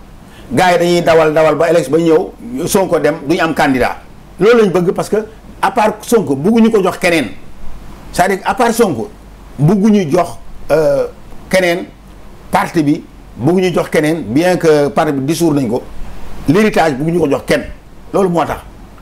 gars yi dañuy dawal dawal ba élection ba ñëw Sonko dem duñu am candidat loolu lañ bëgg parce que à part Sonko bugguñu ko jox keneen c'est-à-dire à part Sonko bugguñu jox euh, keneen parti bi bugguñu jox keneen bien que parti bi dissout nañ ko l'héritage bugguñu ko jox kenn loolu moo tax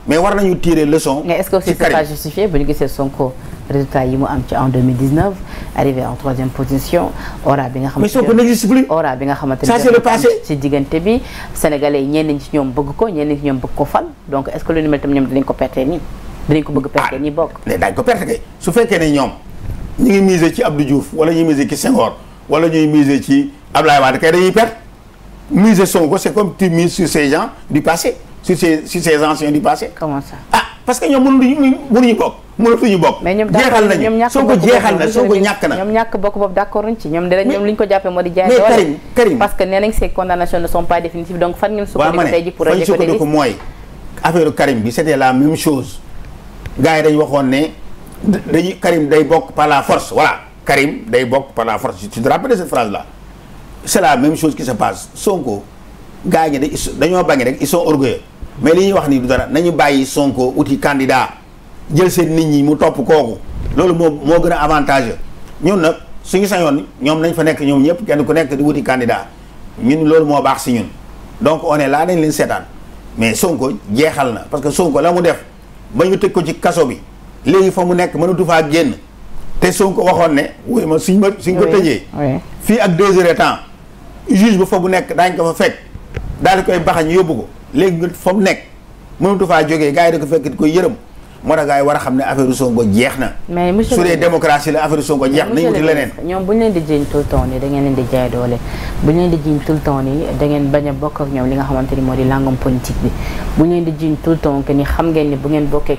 mais war nañu tirer leçon. ci mais est-ce que c'est pas bu ñu gisee Sonko. résultat yi mu am ci en 2019 arrivé en troisième position ora bi nga xamante mais Sonko n'existe plus ora bi nga xamante ça c'est le passé ci diggante bi sénégalais yi ñenn ci ñoom bëgg ko ñenn ci ñoom bëgg ko fal donc est-ce lu ni mel tam ñoom dinañ ko perte nii dinañ ko bëgg perte ah, nii bokk daañ ko perte kay su fekkee ne ñoom ñu ngi miser ci Abdou Diouf wala ñuy miser ci Senghor wala ñuy miser ci Abdoulaye Wade kay dañuy perte miser Sonko c'est comme tu mises sur ces gens du passé sur ces sur mënatuñu bokk. jeexal nañu ñoom ñàkk bokk jeexal na soo ñàkk na. ñoom ñàkk bokk boobu d'accord ci ñoom dinañ ñoom li ñu ko jàppee moo di jaay doole mais Karim Karim parce que nee nañ ces condamnations ne sont pas définitives donc fan ngeen sukkandiku mooy affaire Karim bi c'était la même chose gars yi dañu waxoon ne dañuy Karim day bokk par la force voilà Karim day bokk par la force tu te rappelles cette phrase là c'est la même chose qui se passe Sonko gars ñi dañoo bañ rek i sont orgueilleux mais li ñu wax ni du dara nañu bàyyi Sonko uti candidat jël seen nit ñi mu topp kooku loolu moo moo gën a avantage ñun nag suñu sañoon ñoom nañ fa nekk ñoom ñëpp kenn ku nekk di wuti candidat ñun loolu moo baax si ñun donc one laa là dañ leen seetaan mais Sonko jeexal na parce que ko la mu def ba ñu tëj ko ci kaso bi léegi fa mu nekk mënatu faa génn te ko waxoon ne wuy ma suñ ma suñ ko tëjee fii ak deux heures de temps juge ba fa mu nekk daañ ko fa fekk daal di koy baxañ yóbbu ko léegi fa mu nekk mënatu faa jógee gars yi da ko koy yërëm moo tax gars yi war a xam ne affaire Sonko jeex na. mais monsieur su dee démocratie la affaire Sonko jeex nañu wuti leneen. ñoom bu ñu leen di jiiñ tout nii da leen di jaay doole bu ñu leen di jiiñ tout nii da ngeen bañ ñoom li nga xamante ni moo di langam politique bi bu ñu leen di jiiñ tout le temps xam ngeen ni bu ngeen bokkee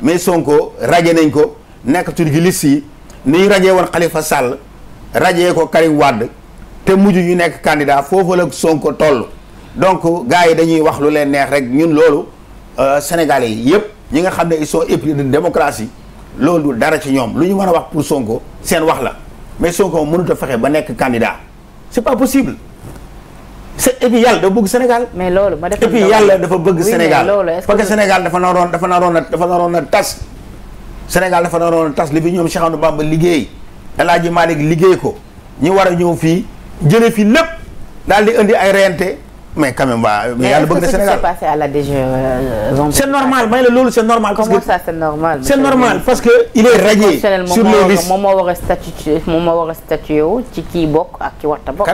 mais Sonko raje nañ ko nekkatul gi liste yi ni ñu rajee woon Khalifa Sall rajee ko Karim Wade te mujj ñu nekk kandidaa foofu la Sonko toll donc gars yi dañuy wax lu leen neex rek ñun loolu euh, sénégalais yi yëpp ñi nga xam ne ils sont épris de démocratie loolu dara ci ñoom lu ñu war a wax pour Sonko seen wax la mais Sonko mënut a fexe ba nekk candidat c'est pas possible et puis yàlla dafa bëgg Sénégal. mais dafa bëgg Sénégal parce que Sénégal dafa naroon dafa naroon a dafa naroon a dafa a tas li fi ñoom Cheikh Ahmadou Bamba liggéey El Hadj Malick liggéey ko ñu war a ñëw fii fii lépp daal di indi ay reyante mais quand même waa yàlla bëgg na Sénégal mais est-ce que c'est normal may la loolu c'est normal. parce que il est radié. sur les moom moo war a statué moom moo war a statué ci kii bokk ak ci warta bokk.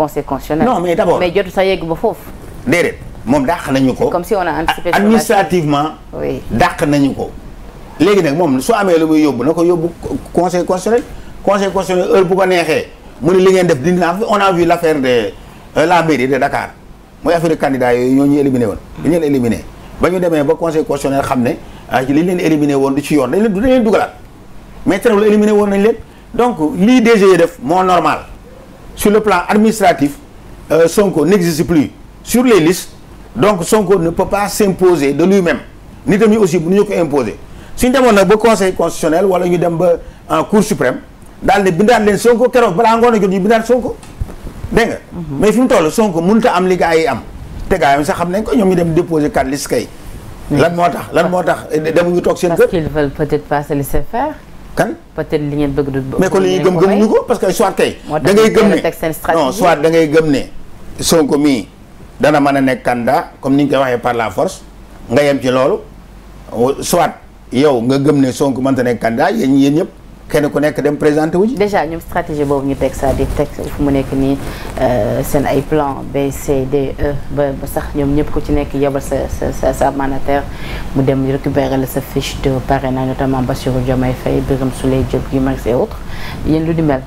conseil constitutionnel. non mais d' abord mais jotu sa yegg ba foofu. déedéet moom dàq nañu ko. a anticipé administrativement. dàq nañu ko. léegi nag moom soo amee lu muy yóbbu na ko yóbbu conseil constitutionnel conseil constitutionnel heure bu ko neexee mu ne li ngeen def dindi naa fi on a vu l' affaire de euh, la mairie de Dakar mooy affaire candidat yooyu ñoo ñu éliminé woon. dañu leen éliminé ba ñu demee ba conseil constitutionnel xam ne ah, li leen éliminé woon du ci yoon dañ leen leen donc lii DG e def moo sur le plan administratif euh, Sonko n'existe plus sur les listes donc Sonko ne peut pas s'imposer de lui-même nit ñi aussi bu ñu ko imposer suñ demoon nag ba conseil constitutionnel wala ñu dem ba en cour suprême daal ne bindaan leen Sonko keroog balaa ngoon a jot ñu bindaan Sonko dégg mhm. mais fi mu toll Sonko mënut a am li yi am te gars sax xam nañ ko ñoom ñu dem déposer quatre listes kay. lan moo tax lan moo tax demuñu toog seen kër. parce kan peut-être li ngeen bëgg du mais kon li ñuy gëm gëmuñu ko parce que soit kay. da ngay gëm ne non soit da ngay gëm ne. Sonko mii dana mën a nekk candidat comme ni ñu koy waxee par la force nga yem ci loolu soit yow nga gëm ne Sonko mënta ne candidat yéen yéen ñëpp. kenn ku nekk dem présenté wu ji. déjà ñoom stratégie boobu ñu teg ça di teg fu mu nekk nii euh, seen ay plan B C D E ba ba sax ñoom ñëpp ku ci nekk yebal sa sa sa sa mandataire mu dem récupérer la sa fiche de parrainage notamment Bassirou Diomaye Faye Birame Souleye Diop Guy Marius et autres yéen lu di mel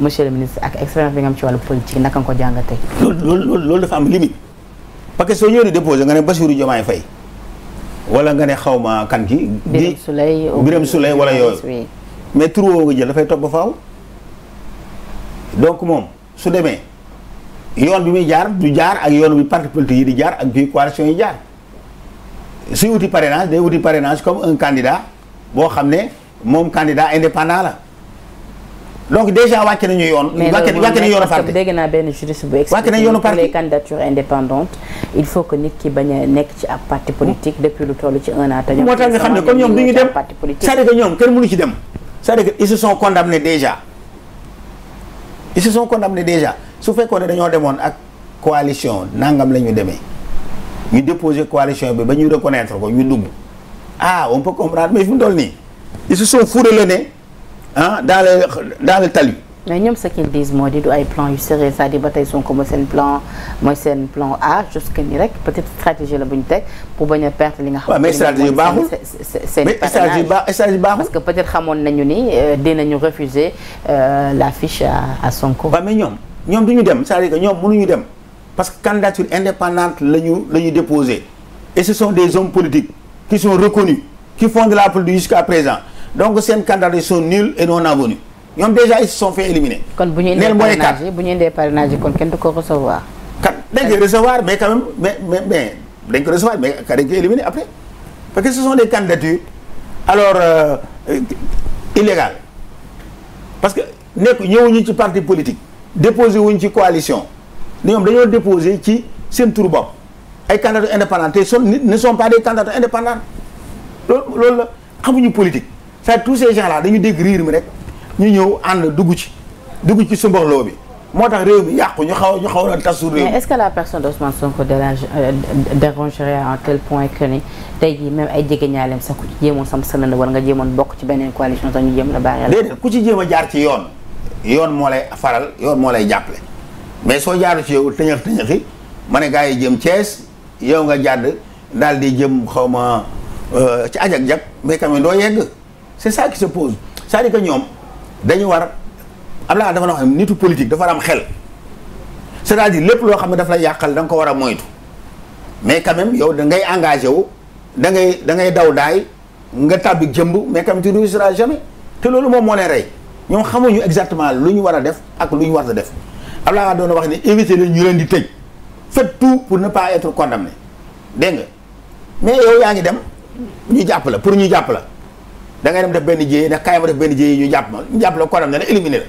monsieur le ministre ak expérience bi nga am ci wàllu politique naka nga ko jàngatee. loolu loolu loolu dafa am limite parce soo ñëwee di déposé nga ne Bassirou Diomaye Faye wala nga ne xaw ma kan ki. Birame Souleye Birame Souleye wala yooyu. mais tur woo nga jël dafay toog ba donc moom su demee yoon bi muy jaar du jaar ak yoon bi parti politique yi di jaar ak bi coalition yi jaar suy wuti parrainage day wuti parrainage comme un candidat boo xam ne moom candidat indépendant la donc déjà wàcce nañu yoon. wàcce wàcce nañu yoonu parti dégg naa moo tax nga xam ne comme ñoom du ñu dem cest ñoom kenn mënu ci dem. c'est-à-dire qu'ils se sont condamnés déjà ils se sont condamnés déjà su fekkoon ne dañoo demoon ak coalition nangam la ñu demee ñu déposer coalition bi ba ñu reconnaître ko ñu dugg ah on peut comprendre mais fi mu toll nii ils se sont fourré le nez ah dans le mais ñoom ce qu'ils disent moo di du ay plan yu serré c'est-à-dire ba tey plan mooy seen plan A jusque ni rek peut-être stratégie la bu ñu teg pour bañ a perte li nga xam mais stratégie baaxul seen stratégie baaxul parce que peut-être xamoon nañu ni euh, dinañu refuser euh, la fiche à son waaw mais ñoom ñoom du ñu dem sa à dire que ñoom mënuñu dem parce que candidature indépendante la ñu la ñu déposé et ce sont des hommes politiques qui sont reconnus qui font de la politique jusqu'à présent ñoom déjà ils se sont fait éliminer. kon bu ñu nee parrainage yi bu ñu indee parrainage yi kon kenn du ko ka kat recevoir mais quand même mais mais mais dañ ko recevoir mais dañ koy éliminer après parce que ce sont des candidatures alors euh, parce que nekk ñëwuñu ci parti politique déposé wuñ ci coalition ñoom dañoo déposé ci seen turu bopp ay candidats indépendants te son ne sont pas des candidats indépendants loolu loolu la xamuñu politique c'est tous ces gens là dañu dégg riir mi rek. ñu ñëw ànd dugg ci dugg ci sumbaxloo bi moo tax réew mi yàqu ñu xaw ñu xaw na tasu réew mais est-ce que la personne d'Ousmane Sonko dérange euh, dérangerait à tel point que ni tey jii même ay jege ñaaleem sax ku ci jéemoon sam sëlënd wala nga jéemoon bokk ci beneen coalition sax ñu jéem la bàyyi déedéet ku ci jéem a jaar ci yoon yoon moo lay faral yoon moo lay jàppale mais soo jaaru ci yow tëñëx tëñëxi ma ne gaa yi jëm Thiès yow nga jàdd daal di jëm xaw ma euh, ci ajak jak mais quand même doo yegg c'est ça qui ñoom dañu war Abdoulaye dafa wax ne nitu politique dafa war am xel c'est-à-dire lépp loo xam ne daf lay yàqal da nga ko war a moytu mais quand même yow da ngay engagé wu da ngay da ngay daw daay nga tàbbi jëmb mais quand même tu ne réussiras jamais te loolu moom moo ne rey ñoom xamuñu exactement lu ñu war a def ak lu ñu war a def Abdoulaye doon wax ne éviter leen ñu leen di tëj fet tout pour ne pas être condamné nga mais yow yaa ngi dem ñu jàpp la pour ñu jàpp la. da ngay dem def benn jéyee ne kaay ma def benn jéyee ñu jàpp ma ñu jàpp la konam ne la éliminé la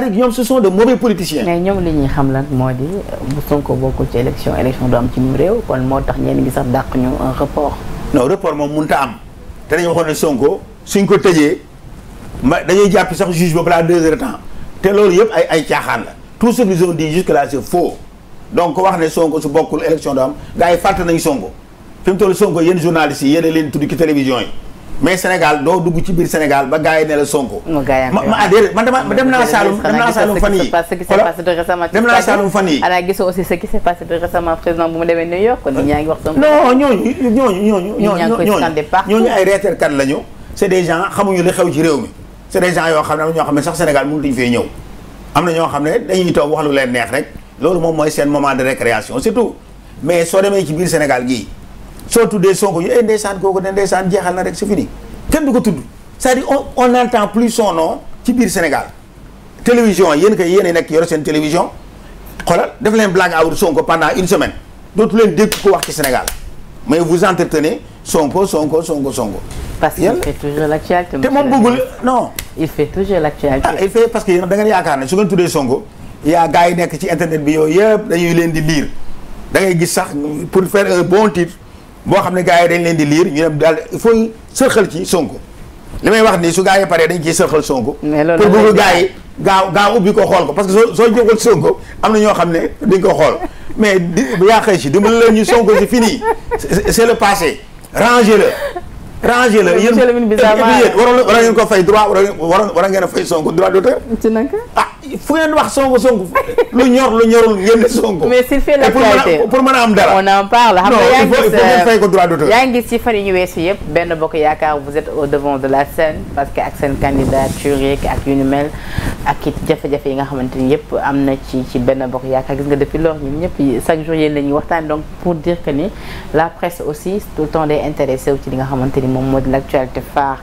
cest ñoom ce sont de mauvais mais ñoom li ñuy xam lan moo di bu Sonko bokkul ci élection élection du am ci mu réew kon moo tax ñenn gi sax dàq ñu un report. non report moom mënut a am te dañu waxoon ne Sonko suñ ko tëjee ma dañuy jàpp sax juge ba balaa deux heures de temps te loolu yëpp ay ay caaxaan la tout ce qu'ils ont dit jusque là c'est faux donc wax ne Sonko su bokkul élection du am gars yi fàtte nañu Sonko fi mu toll Sonko yenn journalistes yi leen tudd ci télévision yi. mais Sénégal doo dugg ci biir Sénégal ba gars yi ne la Sonko. ma ma adhéré man dama dem naa Saalum dem naa Saalum fan yii. voilà dem naa Saalum fan yii. ana gisoo aussi ce qui s'est passé de récemment président bu mu demee New York. nit ñaa ngi wax Sonko. non ñooñu ñooñu ñooñu. ñooñu ñooñu ay reeterkat lañu. c'est des gens xamuñu li xew ci réew mi c'est des gens yoo xam ne ñoo xam ne sax Sénégal mënut ñu fee ñëw. am na ñoo xam ne dañuy toog wax lu leen neex rek loolu moom mooy seen moment de récréation surtout mais soo demee ci biir Sénégal gii soo tuddee Sonko ñu eh ndeysaan kooku ne ndeysaan jeexal na rek c'est fini kenn du ko tudd c'est-à-dire on on n'entend plus son ci biir Sénégal télévision yéen kay yéen a nekk yor seen télévision xoolal def leen blague awur Sonko pendant une semaine dootu leen dégg ko wax ci Sénégal mais vous entretenez Sonko Sonko Sonko songo parce qu'il fait toujours l'actualité. te moom ah, parce que yéen da ngeen yaakaar ne su ngeen tuddee Sonko yaa gars nekk ci internet bi yooyu yëpp dañuy leen di lire da ngay gis sax pour faire un bon titre. boo xam ne gars yi dañ leen di liir ñu ne daal il faut sërxal ci Sonko li may wax nii su gars yi paree dañ ciy sërxal Sonko pour bëgg gars yi gaaw gaaw ubbi ko xool ko parce que soo soo jógal ko am na ñoo xam ne dañ ko xool mais di yaa xëy si dimbali leen ñu Sonko si fini c'est le passé rangez le rangez le yéen yéen waroon waroon ngeen ko fay droit waroon waroon ngeen a fay Sonko droit d'auteur ah fu ngeen wax sonko sonko lu ñor lu ñorul ngeen di sonko. mais s'il fait la qualité a am dara. on en parle xam nga euh, yaa ngi gis fan yi ñu weesu yëpp benn bokk yaakaar vous êtes au devant de la scène parce que ak seen candidature yeeg ak yu ak it jafe-jafe yi nga xamante ni yëpp am na ci ci benn bokk yaakaar gis nga depuis lors ñun ñëpp chaque jour yéen la ñuy waxtaan donc pour dire que ni la presse aussi tout le temps day intéressé wu ci li nga xamante ni moom moo di l'actualité phare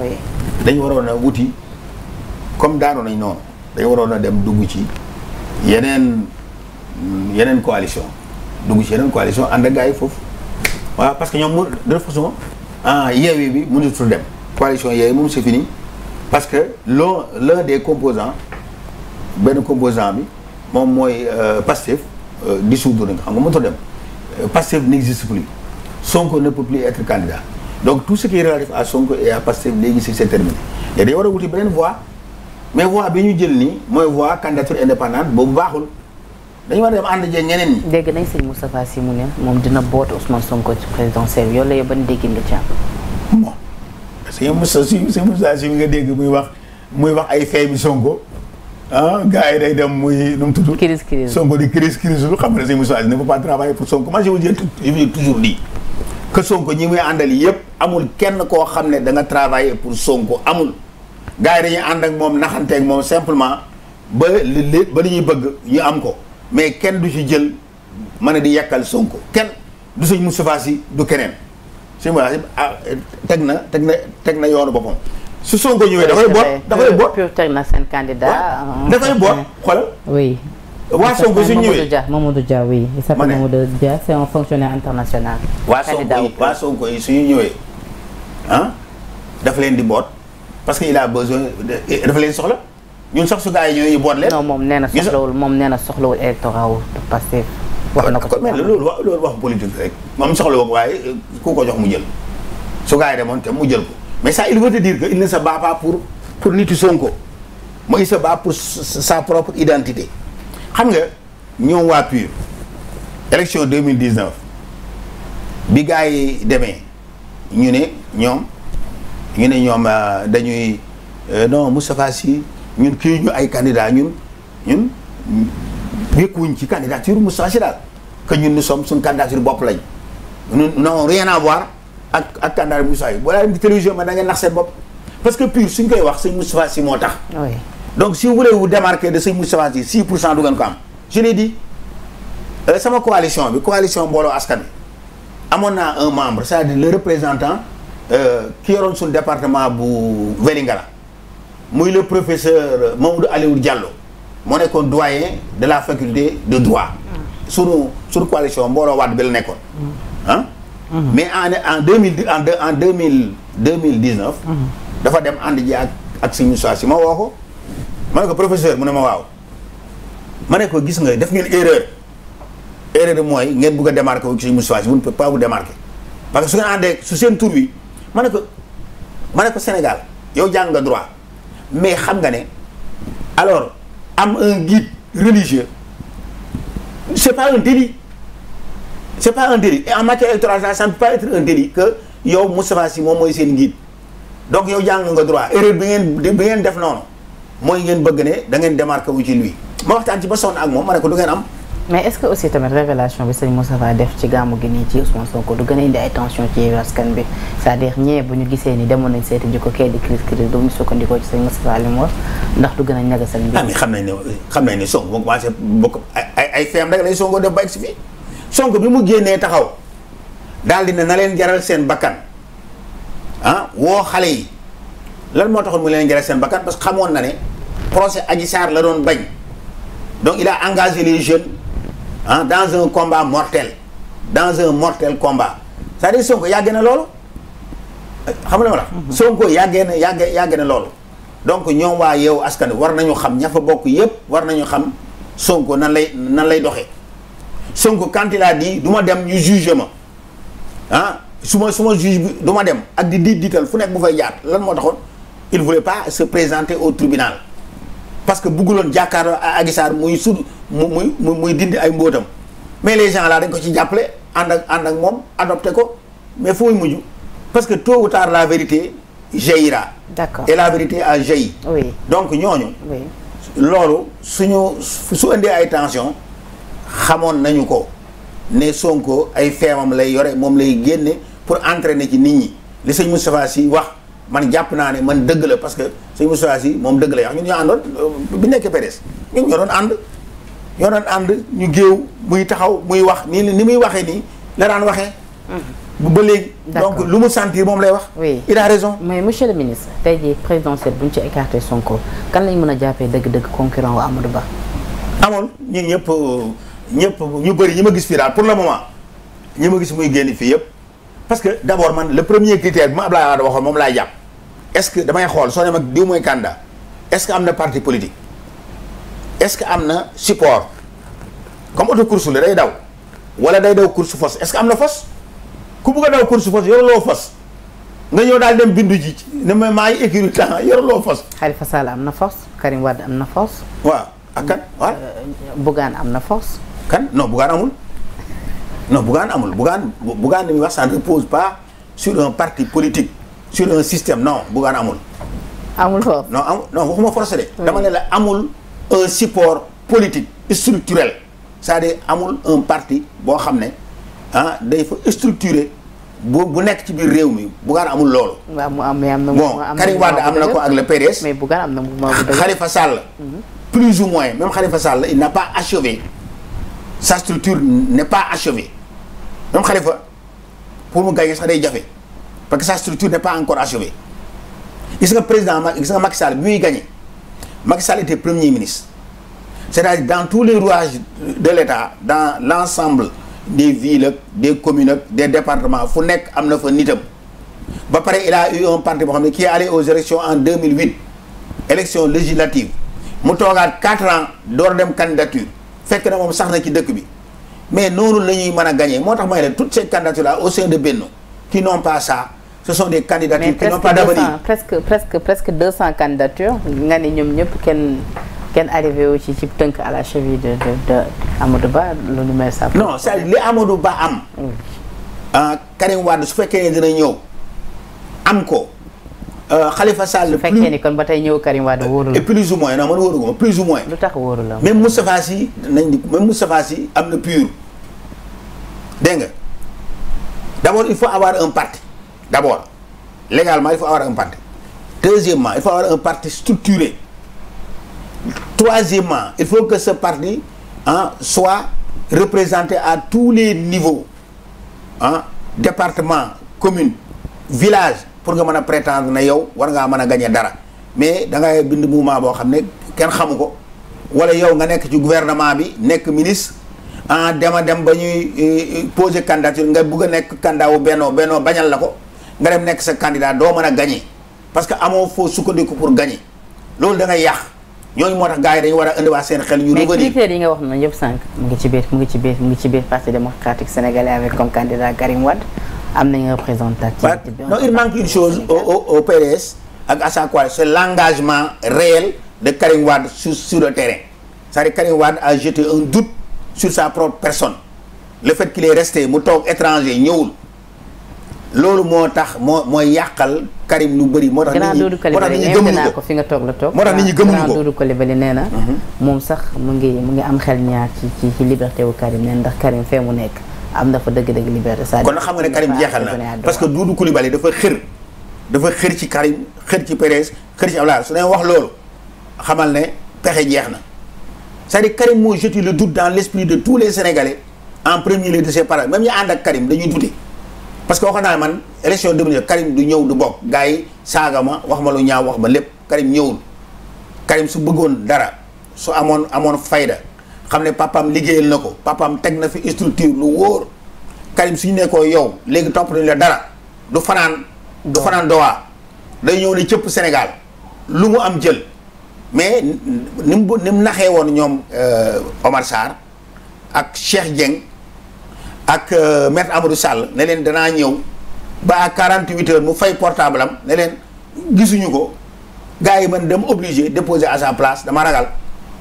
oui dañ waroon a wuti comme daanoo nañ noonu dañ waroon a dem dugg ci yeneen yeneen coalition dugg ci yeneen coalition ànd ak yi foofu waaw parce que ñoom mu de façon ah yeewi bi mënatul dem coalition yeewi moom c'est fini parce que l'un l'un des benn composant bi moom mooy euh, Pastef euh, dissoudre nga xam nga mënatul dem euh, Pastef n'existe plus Sonko ne peut plus être candidat donc tout ci qui est relatif à Sonko et à Pastef léegi si c'est terminé léegi war a wuti beneen voie mais voie bi ñu jël nii mooy voie candidature indépendante boobu baaxul dañu war a dem ànd jeeg ñeneen ñi. dégg nañ sëñ Moustapha mu ne moom dina boot Ousmane Sonko ci présidentielle yow la yow ban dégg nga ci am. bon sëñ Moustapha Sy sëñ nga dégg muy wax muy wax ay fee bi Sonko ah gars yi day dem muy nu mu tudd. crise Sonko di crise crise lu xam ne sëñ que Sonko ñi muy àndal yëpp amul kenn koo xam ne da nga pour Sonko amul gars yi dañuy ànd ak moom naxante ak moom simplement ba li ba li ñuy bëgg ñu am ko mais kenn du ci jël mën a di yekkal Sonko kenn du sëñ Moustapha si du keneen sëñ Moustapha Sy ah, teg na teg na teg na yoonu boppam su Sonko ñëwee da koy boot da euh, boot teg na seen da koy boot xoolal waa Sonko su ñëwee Mamadou Dia oui il s'appelle yi su ñu ñëwee ah dafa leen di boot parce que il a besoin dafa leen soxla ñun sax su gars yi ñu boot leen. non moom nee na soxlawul moom nee na soxlawul électorat wu Pastef wax ko mais loolu wax loolu rek moom soxla ko waaye ku ko jox mu jël su gars yi demoon te mu jël ko mais ça il veut te dire il ne se bat pas pour pour nitu Sonko mooy il sa bat pour sa propre identité. xam nga ñoom waa PUR élection 2019 bi gars yi demee ñu ne ñoom ñu ne ñoom euh, dañuy euh, non Moustapha Sy ñun kii ñu ay candidat ñun ñun wékkuwuñ ci candidature Moustapha Sy daal que ñun nu sommes suñ candidature bopp lañ ñun non rien à voir ak ak candidat Moustapha Sy dem ci télévision ma da nax seen bopp parce que PUR suñ koy wax sëñ Moustapha Sy moo tax donc si vous voulez vous de sëñ Moustapha Sy pour cent du ko am je l'ai euh, sama coalition bi coalition mbooloo askan bi amoon naa un membre sa à dire le représentant euh, ki yoroon su département bu Vélingara muy le professeur Mamadou Aliou Diallo moo nekkoon doyen de la faculté de droit sunu sunu coalition mbooloo waat bi la nekkoon mais en en deux mille en en deux mille deux mille dix-neuf dafa dem ànd ji ak ak sëñ Moustapha woo ko ma ne ko professeur mu ne ma waaw ma ne ko gis nga def ngeen erreur erreur bi mooy ngeen bugg a démarqué wu si Moustapha Sy vous ne pouvez pas vous démarquer parce que su ngeen àndee su seen tur bi ma ne ko ma ne ko Sénégal yow jàng nga droit mais xam nga ne alors am un guide religieux c' est pas un délit c' pas un délit et en matière électorale ça ne peut pas être un délit que yow Moustapha moom mooy seen guide donc yow jàng nga droit erreur bi ngeen bi ngeen def noonu. mooy ngeen bëgg ne da ngeen démarqué wu ci lui ma waxtaan ci ba sonn ak moom ma ko du ngeen am. mais est aussi tamit révélation bi sëñ Moustapha def ci gàmmu gi nii ci Ousmane Sonko du gën a indi ay tension ci askan bi c'est-à-dire ñee bu ñu gisee ni demoon nañ seeti ji ko kee di crise crise du ñu sukkandikoo ci sëñ Moustapha li mu wax ndax du gën a ñaga seen mbir. ah mais xam nañ ba mu commencé bokk ay ay feem rek lay Sonko def ba egg si fii bi mu génnee daal di ne na leen jaral seen bakkan ah woo xale yi lan moo taxoon mu leen jaral seen bakkan parce xamoon na ne. procès Adji Sarr la doon bañ donc il a engagé les jeunes ah dans un combat mortel dans un mortel combat c'est-à-dire yàggee na loolu xam nga ma la Sonko yàggee na yàggee yàggee na loolu donc ñoom waa yeewu askan war nañu xam ña fa bokk yépp war nañu xam Sonko nan lay nan lay doxee Sonko quand il a du ma dem ñu juge ma ah su ma su ma juge bi du ma dem ak di diit diital fu nekk bu fay jaar lan moo taxoon il voulait pas se au tribunal parce que bugguloon jàkkaarloo Adji Sarr muy sud mu muy muy dindi ay mbóotam mais les gens là dañ ko ci jàppale ànd ak ànd ak moom adopté ko mais fooy mujj parce que tôt ou tard la vérité jaillira. d'accord et la vérité a jailli. oui donc ñooñu. oui loolu suñu su indee ay tension xamoon nañu ko ne Sonko ay feemam lay yore moom lay génne pour entraîner ci nit ñi li sañ mu Moustapha Sy wax. man jàpp naa ne man dëgg la parce que suñu Moustapha Sy moom dëgg la yax ñun ñoo àndoon euh, bi nekk PDS ñun ñoo doon ànd ñoo doon ànd ñu géew muy taxaw muy wax nii ni muy waxee nii la daan waxee mm-hmm. ba léegi donc lu mu sentir moom lay wax oui il a raison mais monsieur le ministre tey jii présidentielle bu ñu ci écarté Sonko kan lañ mun a jàppee dëgg-dëgg concurrent wa Amadou Ba amul ñu ñëpp ñëpp ñu bëri ñi ma gis fii daal pour le moment ñu ma gis muy fii yëpp parce que d' abord man le premier critère bi ma Abdoulaye Wade waxoon moom laay jàpp est ce que damay xool soo ne mag diw mooy candidat est ce que am na parti politique est ce que am na support comme auto course la day daw wala day daw course fos est ce que am na fos ku bugg a daw course fos yoruloo fos nga ñëw daal dem bindu ji ne ma maa ngi écrir temps yoruloo fos. Khalifa Sall am na fos Karim Wade am na fos. waaw ak kan waaw. Euh, Bougane am na fos. kan non Bougane amul. non buggaan amul Bougane Bougane li muy wax ça ne repose pas sur un parti politique sur un système non Bougane amul. amul foofu non amul non waxuma forcé de. ne la amul un support politique structurel cest à amul un parti boo xam ne ah day fa structuré bu bu nekk ci biir réew mi Bougane amul loolu. waaw mu am am na bon Karim Wade am na ko ak le PDS. mais Bougane am na mouvement bu dëgër Khalifa mhm. plus ou moins même Khalifa Sall il n'a pas achevé. sa structure n'est pas achevée même Khalifa pour mu gagner sax day jafe parce que sa structure n'est pas encore achevée gis nga président gis nga Macky Sall bi muy gagné Macky Sall premier ministre c'est-à-dire dans tous les rouages de l'État dans l'ensemble des ville ak des communes ak des départements fu nekk am na fa nitam ba pare il a eu un parti xam ne kii est allé aux élections en 2008 élection législative mu toogaat 4 ans door dem candidature fekk na moom sax na ci dëkk bi mais noonu la ñuy mën a gagné moo tax may la toutes ces candidatures là au sein de Benno qui n'ont pas ça ce sont des candidatures qui n'ont pas d'avenir presque presque deux cent candidatures nga ne ñoom ñëpp kenn kenn arrivé wu ci ci tënk à la cheville de de de Amadou Ba lu nu mel sax. non c'est li Amadou Ba am. Ah, Karim Wade su fekkee ne dina ñëw am ko. Euh, Khalifa Sall. su fekkee ni kon ba tey ñëw Karim Wade wóoru la. et plus ou moins non man wóoru ma plus ou moins. lu tax wóoru la même Moustapha Sy nañ ni même Moustapha Sy am na pur. dégg nga d' abord il faut avoir un parti d' abord légalement il faut avoir un parti deuxièmement il faut troisièmement il faut que ce parti ah soit représenté à tous les niveaux ah département commune village. pour nga mën a prétendre na yow war ngaa mën a gañe dara mais dangay ngay bind mouvement boo xam ne kenn xamu ko wala yow nga nekk ci gouvernement bi nekk ministre ah dema dem ba ñuy eh, eh, poser candidature nga bugg a nekk candidat wu bennoo bennoo bañal la ko nga dem nekk sa candidat doo mën a gañe parce que amoo foo sukkandiku pour gañe loolu da ngay yàq ñooñu moo tax gars yi dañu war a indiwaat seen xel yu revenir mais critères yi nga wax noonu yëpp sànq mu ngi ci be mu ngi ci biir mu ngi ci biir am nañu représentativité. non il manque une chose au au au PDS ak à sa coalition l'engagement réel de Karim Wade sur sur le terrain c'est-à-dire Karim Wade a jeté un doute sur sa propre personne le fait qu'il est resté mu toog étranger ñëwul loolu moo tax moo mooy yàqal Karim lu bëri moo tax. nit ñi moo tax ko fi nga toog la toog. moo tax nit ñi gëmuñu ko Doudou Coulibaly nee na. Mhm. moom sax mu ngi mu ngi am xel ñaar ci ci ci liberté wu Karim nee ndax Karim fee mu nekk. am na fa dëgg-dëgg liberté. saa kon xam nga ne Karim jeexal na parce que Doudou Coulibaly dafa xër dafa xër ci Karim xër ci Perez xër ci Abdoulaye su ne wax loolu xamal ne pexe jeex na cest à Karim moo jeté le doute dans l'esprit de tous les Sénégalais en premier lieu de ses parents même ñi ànd ak Karim dañuy douter parce que waxoon naa man élection 2019 Karim du ñëw du bokk gars yi saaga ma wax ma lu ñaaw wax ma lépp Karim ñëwul Karim su bëggoon dara su amoon amoon fayda xam ne papaam liggéeyal na ko papaam teg na fi structure lu wóor Karim suñu ne ko yow léegi topp nañu la dara du fanaan du fanaan dowaa day ñëw ne cëpp Sénégal lu mu am jël mais ni mu ni mu naxee woon ñoom euh, Omar Sarr ak Cheikh Dieng ak euh, maître Amadou Sall ne leen danaa ñëw ba à 48 mu fay portable am ne leen gisuñu ko gars yi man dem obligé déposer à sa place dama ragal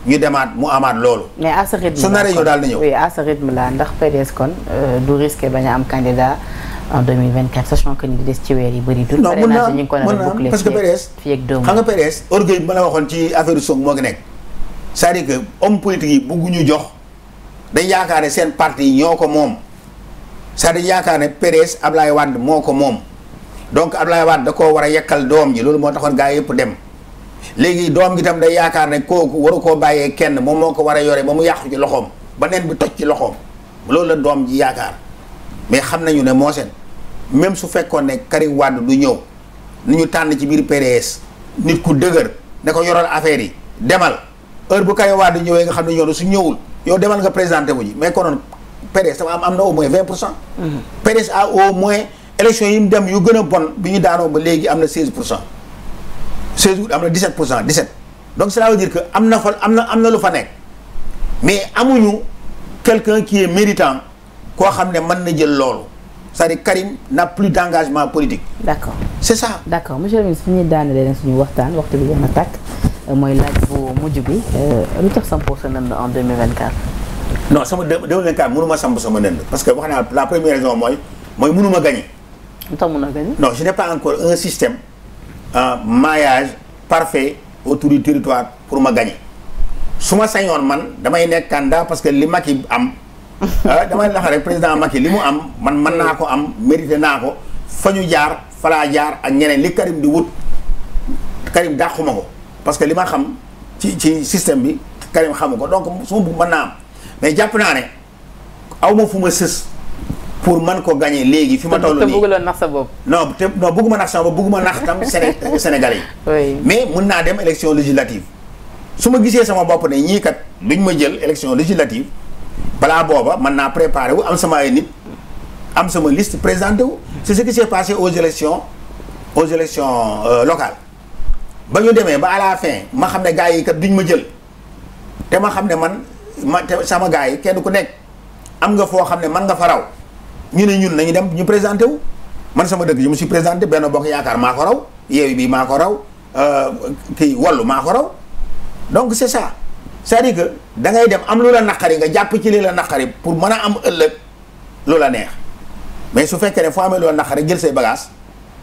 ñu demaat mu amaat loolu. mais à ce rythme daal di à ce rythme ndax PDS kon euh, du risqué bañ a am candidat en 2024 sachant que ñu des ci weer yi bëri. dul non mën naa mën naa parce que PDS. fii ak doomu xam nga PDS. orgueil bi ma la waxoon ci affaire Sonko moo ngi nekk c'est-à-dire que yi bëgguñu jox dañ yaakaar ne seen parti yi ñoo ko moom cest à yaakaar ne PDS lay Wade moo ko moom donc Ablaye Wade da koo war a yekkal doom ji loolu moo taxoon gaa yëpp dem. léegi doom gi tam day yaakaar ne kooku waru koo bàyyee kenn moom moo ko war a yore ba mu yàqu ci loxoom ba neen bi toj ci loxoom loolu la doom ji yaakaar mais xam nañu ne moo seen même su fekkoon ne Karim Wade du ñëw ni ñu tànn ci biir PDS nit ku dëgër ne ko yoral affaire yi demal heure bu Karim Wade ñëwee nga xam ne ñoom su ñëwul yow demal nga présenté wu ji mais konoon PDS am am na au moins 20 pour cent. Mhm. PDS a au moins élection yi mu dem yu gën a bon bi ñu daanoo ba léegi am na 16 pour cent. 16 août am na 17 pour cent 17 donc cela veut dire que am na fa am na am na lu fa nekk mais amuñu quelqu'un qui est méritant koo xam ne mën na jël loolu c'est-à-dire Karim n'a plus d'engagement politique. d'accord c'est ça. d'accord monsieur le ministre fi ñuy nag suñu waxtaan waxtu bi gën a tàkk euh, mooy laaj bu mujj bi euh, lu tax sampoo sa nënd en 2024. non sama 2024 mënuma samp sama nënd parce que wax naa la première raison mooy mooy mënuma gagner. lu tax mën a gagner. non je pas encore un système. un maillage parfait autour territoire pour ma gagner su ma sañoon man damay nekk candidat parce que li Macky am ah, damay lax rek président Macky li mu am man man naa ko am mérité naa ko fa ñu jaar falaa jaar ak ñeneen li Karim di wut Karim dàquma ko parce que li ma xam ci ci système bi Karim xamu ko donc su ma bugg mën naa am mais jàpp naa ne aw ma fu ma sës pour man ko gagné léegi fi ma toll nii te bëgguloon nax sa bopp. non te non bëgguma nax sama bopp bëgguma nax tam Séné Sénégalais yi. mais mun naa dem élection législative su ma gisee sama bopp ne ñii kat duñ ma jël élection législative balaa booba mën naa préparer wu am sama ay nit am sama liste présenté wu. c'est ce qui s'est passé aux élections aux élections euh, ba ñu demee ba à la fin ma xam ne gars yi kat duñ ma jël te ma xam ne man ma sama gars yi kenn ku nekk am nga foo xam ne man nga fa ñu ne ñun nañu dem ñu présenté wu man sama dëkk yi mu si présenté benn bokk yaakaar maa ko raw yeewi bi maa ko raw euh, kii wallu maa ko raw donc c'est ça cest à que da ngay dem am lu la naqari nga jàpp ci li la naqari pour mën a am ëllëg loolu la neex mais su fekkee ne foo amee lu la naqari jël say bagage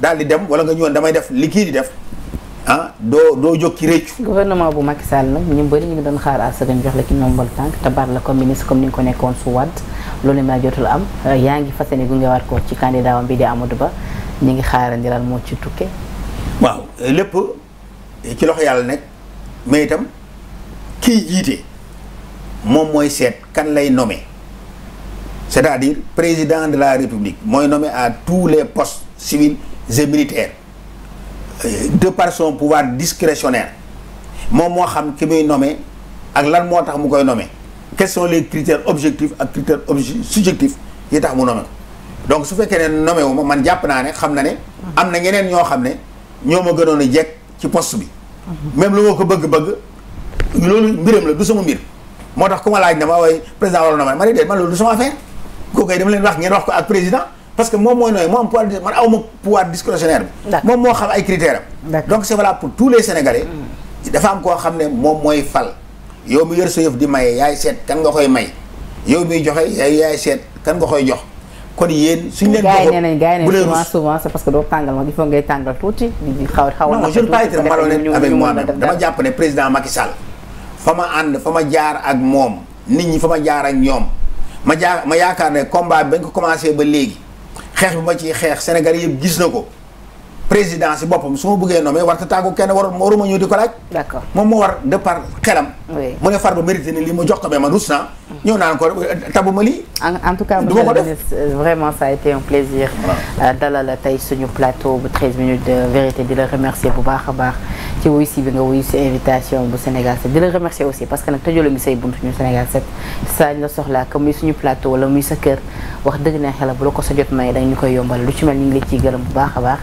daal di dem wala nga ñëwoon damay def li kii di def ah doo doo jóg ci réccu. gouvernement bu Macky Sall nag ñu bëri ñu ngi doon xaar à Sëriñ jox la ki nombal tànk tabaar la comme ministre comme ni nga ko nekkoon su Wade loolu ma jotul am euh, yaa ngi fas yéene gungewaat ko ci candidat wam bi di Amadou Ba ñu ngi ni lan moo ci tukke. waaw lépp ci loxo yàlla nekk mais itam kiy jiite moom mooy seet kan lay nommer c'est-à-dire président de la république mooy nommé à tous les postes civils et militaires. de par son pouvoir discrétionnaire moom moo xam ki muy nommé ak lan moo tax mu koy nommé quels les critères objectif ak critères subjectifs yi tax mu nommé ko donc su fekkee ne nommé wu ma man jàpp naa ne xam na ne am na ñeneen ñoo xam ne ñoo ma gënoon a jekk ci post bi même lu ma ko bëgg-bëgg loolu mbiram la du sama mbir moo tax ku ma laaj na ma waaye président waroon na ma ma ne déet man loolu du sama affaire kooku ay dama leen wax ngeen wax ko ak président parce que moom mooy nooy moo am pouvoir man aw ma pouvoir bi moom moo xam ay critères am donc c'est valable pour tous les sénégalais mm. am koo xam ne moom mooy fal yow mi yor sa di maye yaay seet kan nga koy may yow miy joxe yaay seet kan nga koy jox kon yéen suñ leen joxul bu parce que doo tàngal ma il faut ngay tàngal tuuti di xaw xaw non je ne fa ma ànd fa ma jaar ak moom nit ñi fa ma jaar ak ñoom ma jaar ma yaakaar ne combat bi bañ ko commencé ba léegi xeex bi ma ciy xeex Sénégal yëpp gis na ko président si boppam su ma bëggee nommé war ta tàggu kenn waru waruma ñëw di ko laaj. d'accord moom moo war de par xelam. mu ne far ba mérité ni lii ma jox ko mais man rus ko tabu ma lii. en tout cas monsieur euh, a été un plaisir. Euh, dalal tey suñu bu 13 minutes de vérité di la remercier bu baax a baax ci wuyu bi nga wuyu si invitation bu Sénégal 7 di la remercier aussi parce que nag tëjoo ngi say buntu ñu Sénégal saa ñu la soxlaa que suñu plateau wala muy sa kër wax dëgg na xel bu la ko sa jot may ñu koy yombal lu ci mel ñu ngi la ciy gërëm bu baax a baax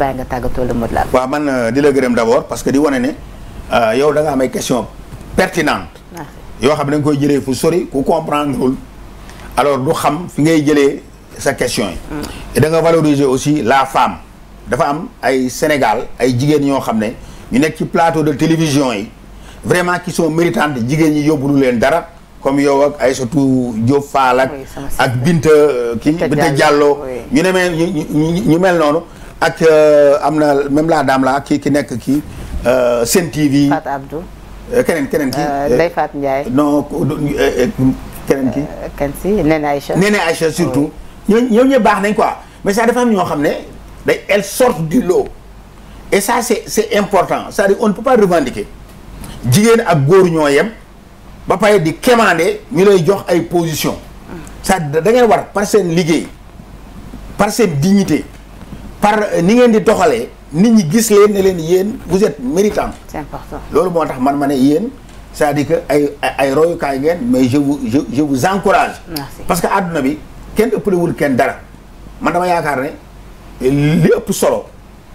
bàyyi nga tàggatoo le mot de la waaw man euh, di la gërëm d'abord parce que di wane ne euh, yow da am ay question pertinente ah. yoo xam ne da nga koy jëlee fu sori ku comprendrewul alors du xam fi ngay jëlee sa question yi mm. et da aussi la femme dafa am ay Sénégal ay jigéen ñoo xam ne ñu nekk ci plateau de télévision yi vraiment qui sont méritantes jigéen ñi yóbbu lu leen dara comme yow ak Aïssatou Diop Fall ak ak Binta euh, kii Binta Diallo ñu ne ñu ñu mel noonu ak euh, am na même la dame la kii ki nekk kii euh, Sen TV. Fat Abdou. Euh, keneen keneen kii. Ndeye Fat Ndiaye. non keneen kii. kan si Nene Aïcha. Nene Aïcha surtout. ñooñu ñooñu ñëpp baax nañ quoi mais ça dafa am ñoo xam ne day elles sortent du lot et ça c' est est important c'est-à-dire jigéen ak góor ñoo yem ba pare di quémander ñu lay jox ay position ça da ngeen war par seen liggéey par seen dignité. par ni ngeen di doxalee nit ñi gis leen ne leen yéen vous êtes méritant. c'est important loolu moo tax man ma ne yéen cest di que ay ay royukaay ngeen mais je vous je je parce que àdduna bi kenn ëppalewul kenn dara man dama yaakaar ne li ëpp solo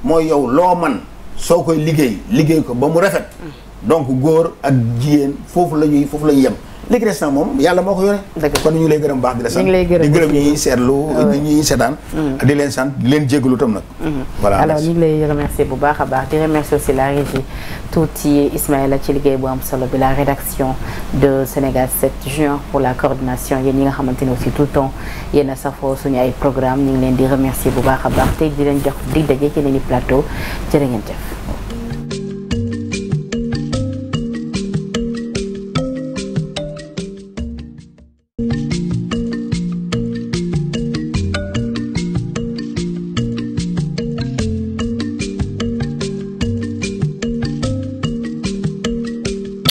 mooy yow loo man soo koy liggéey liggéey ko ba mu rafet. Mm. donc góor ak jigéen foofu la ñuy foofu la ñuy yem. li ci des moom yàlla moo ko yore. kon ñu lay gërëm baax di la sant. ñu lay gërëm di gërëm ñi seetlu ah ñi ñuy seetaan. Mm. di leen sant di leen jégalu tam nag. Mm-hmm. voilà alors ñu ngi lay remercier bu baax a baax di remercier aussi la régie tuuti Ismaïla ci liggéey bu am solo bi la rédaction de Sénégal 7 juin pour la coordination yéen ñi nga xamante ne aussi tout le temps yéen a safoo suñu ay programme ñu ngi leen di remercier bu baax a baax tey di leen jox dig daje ci leen i plateau jërë ngeen jëf.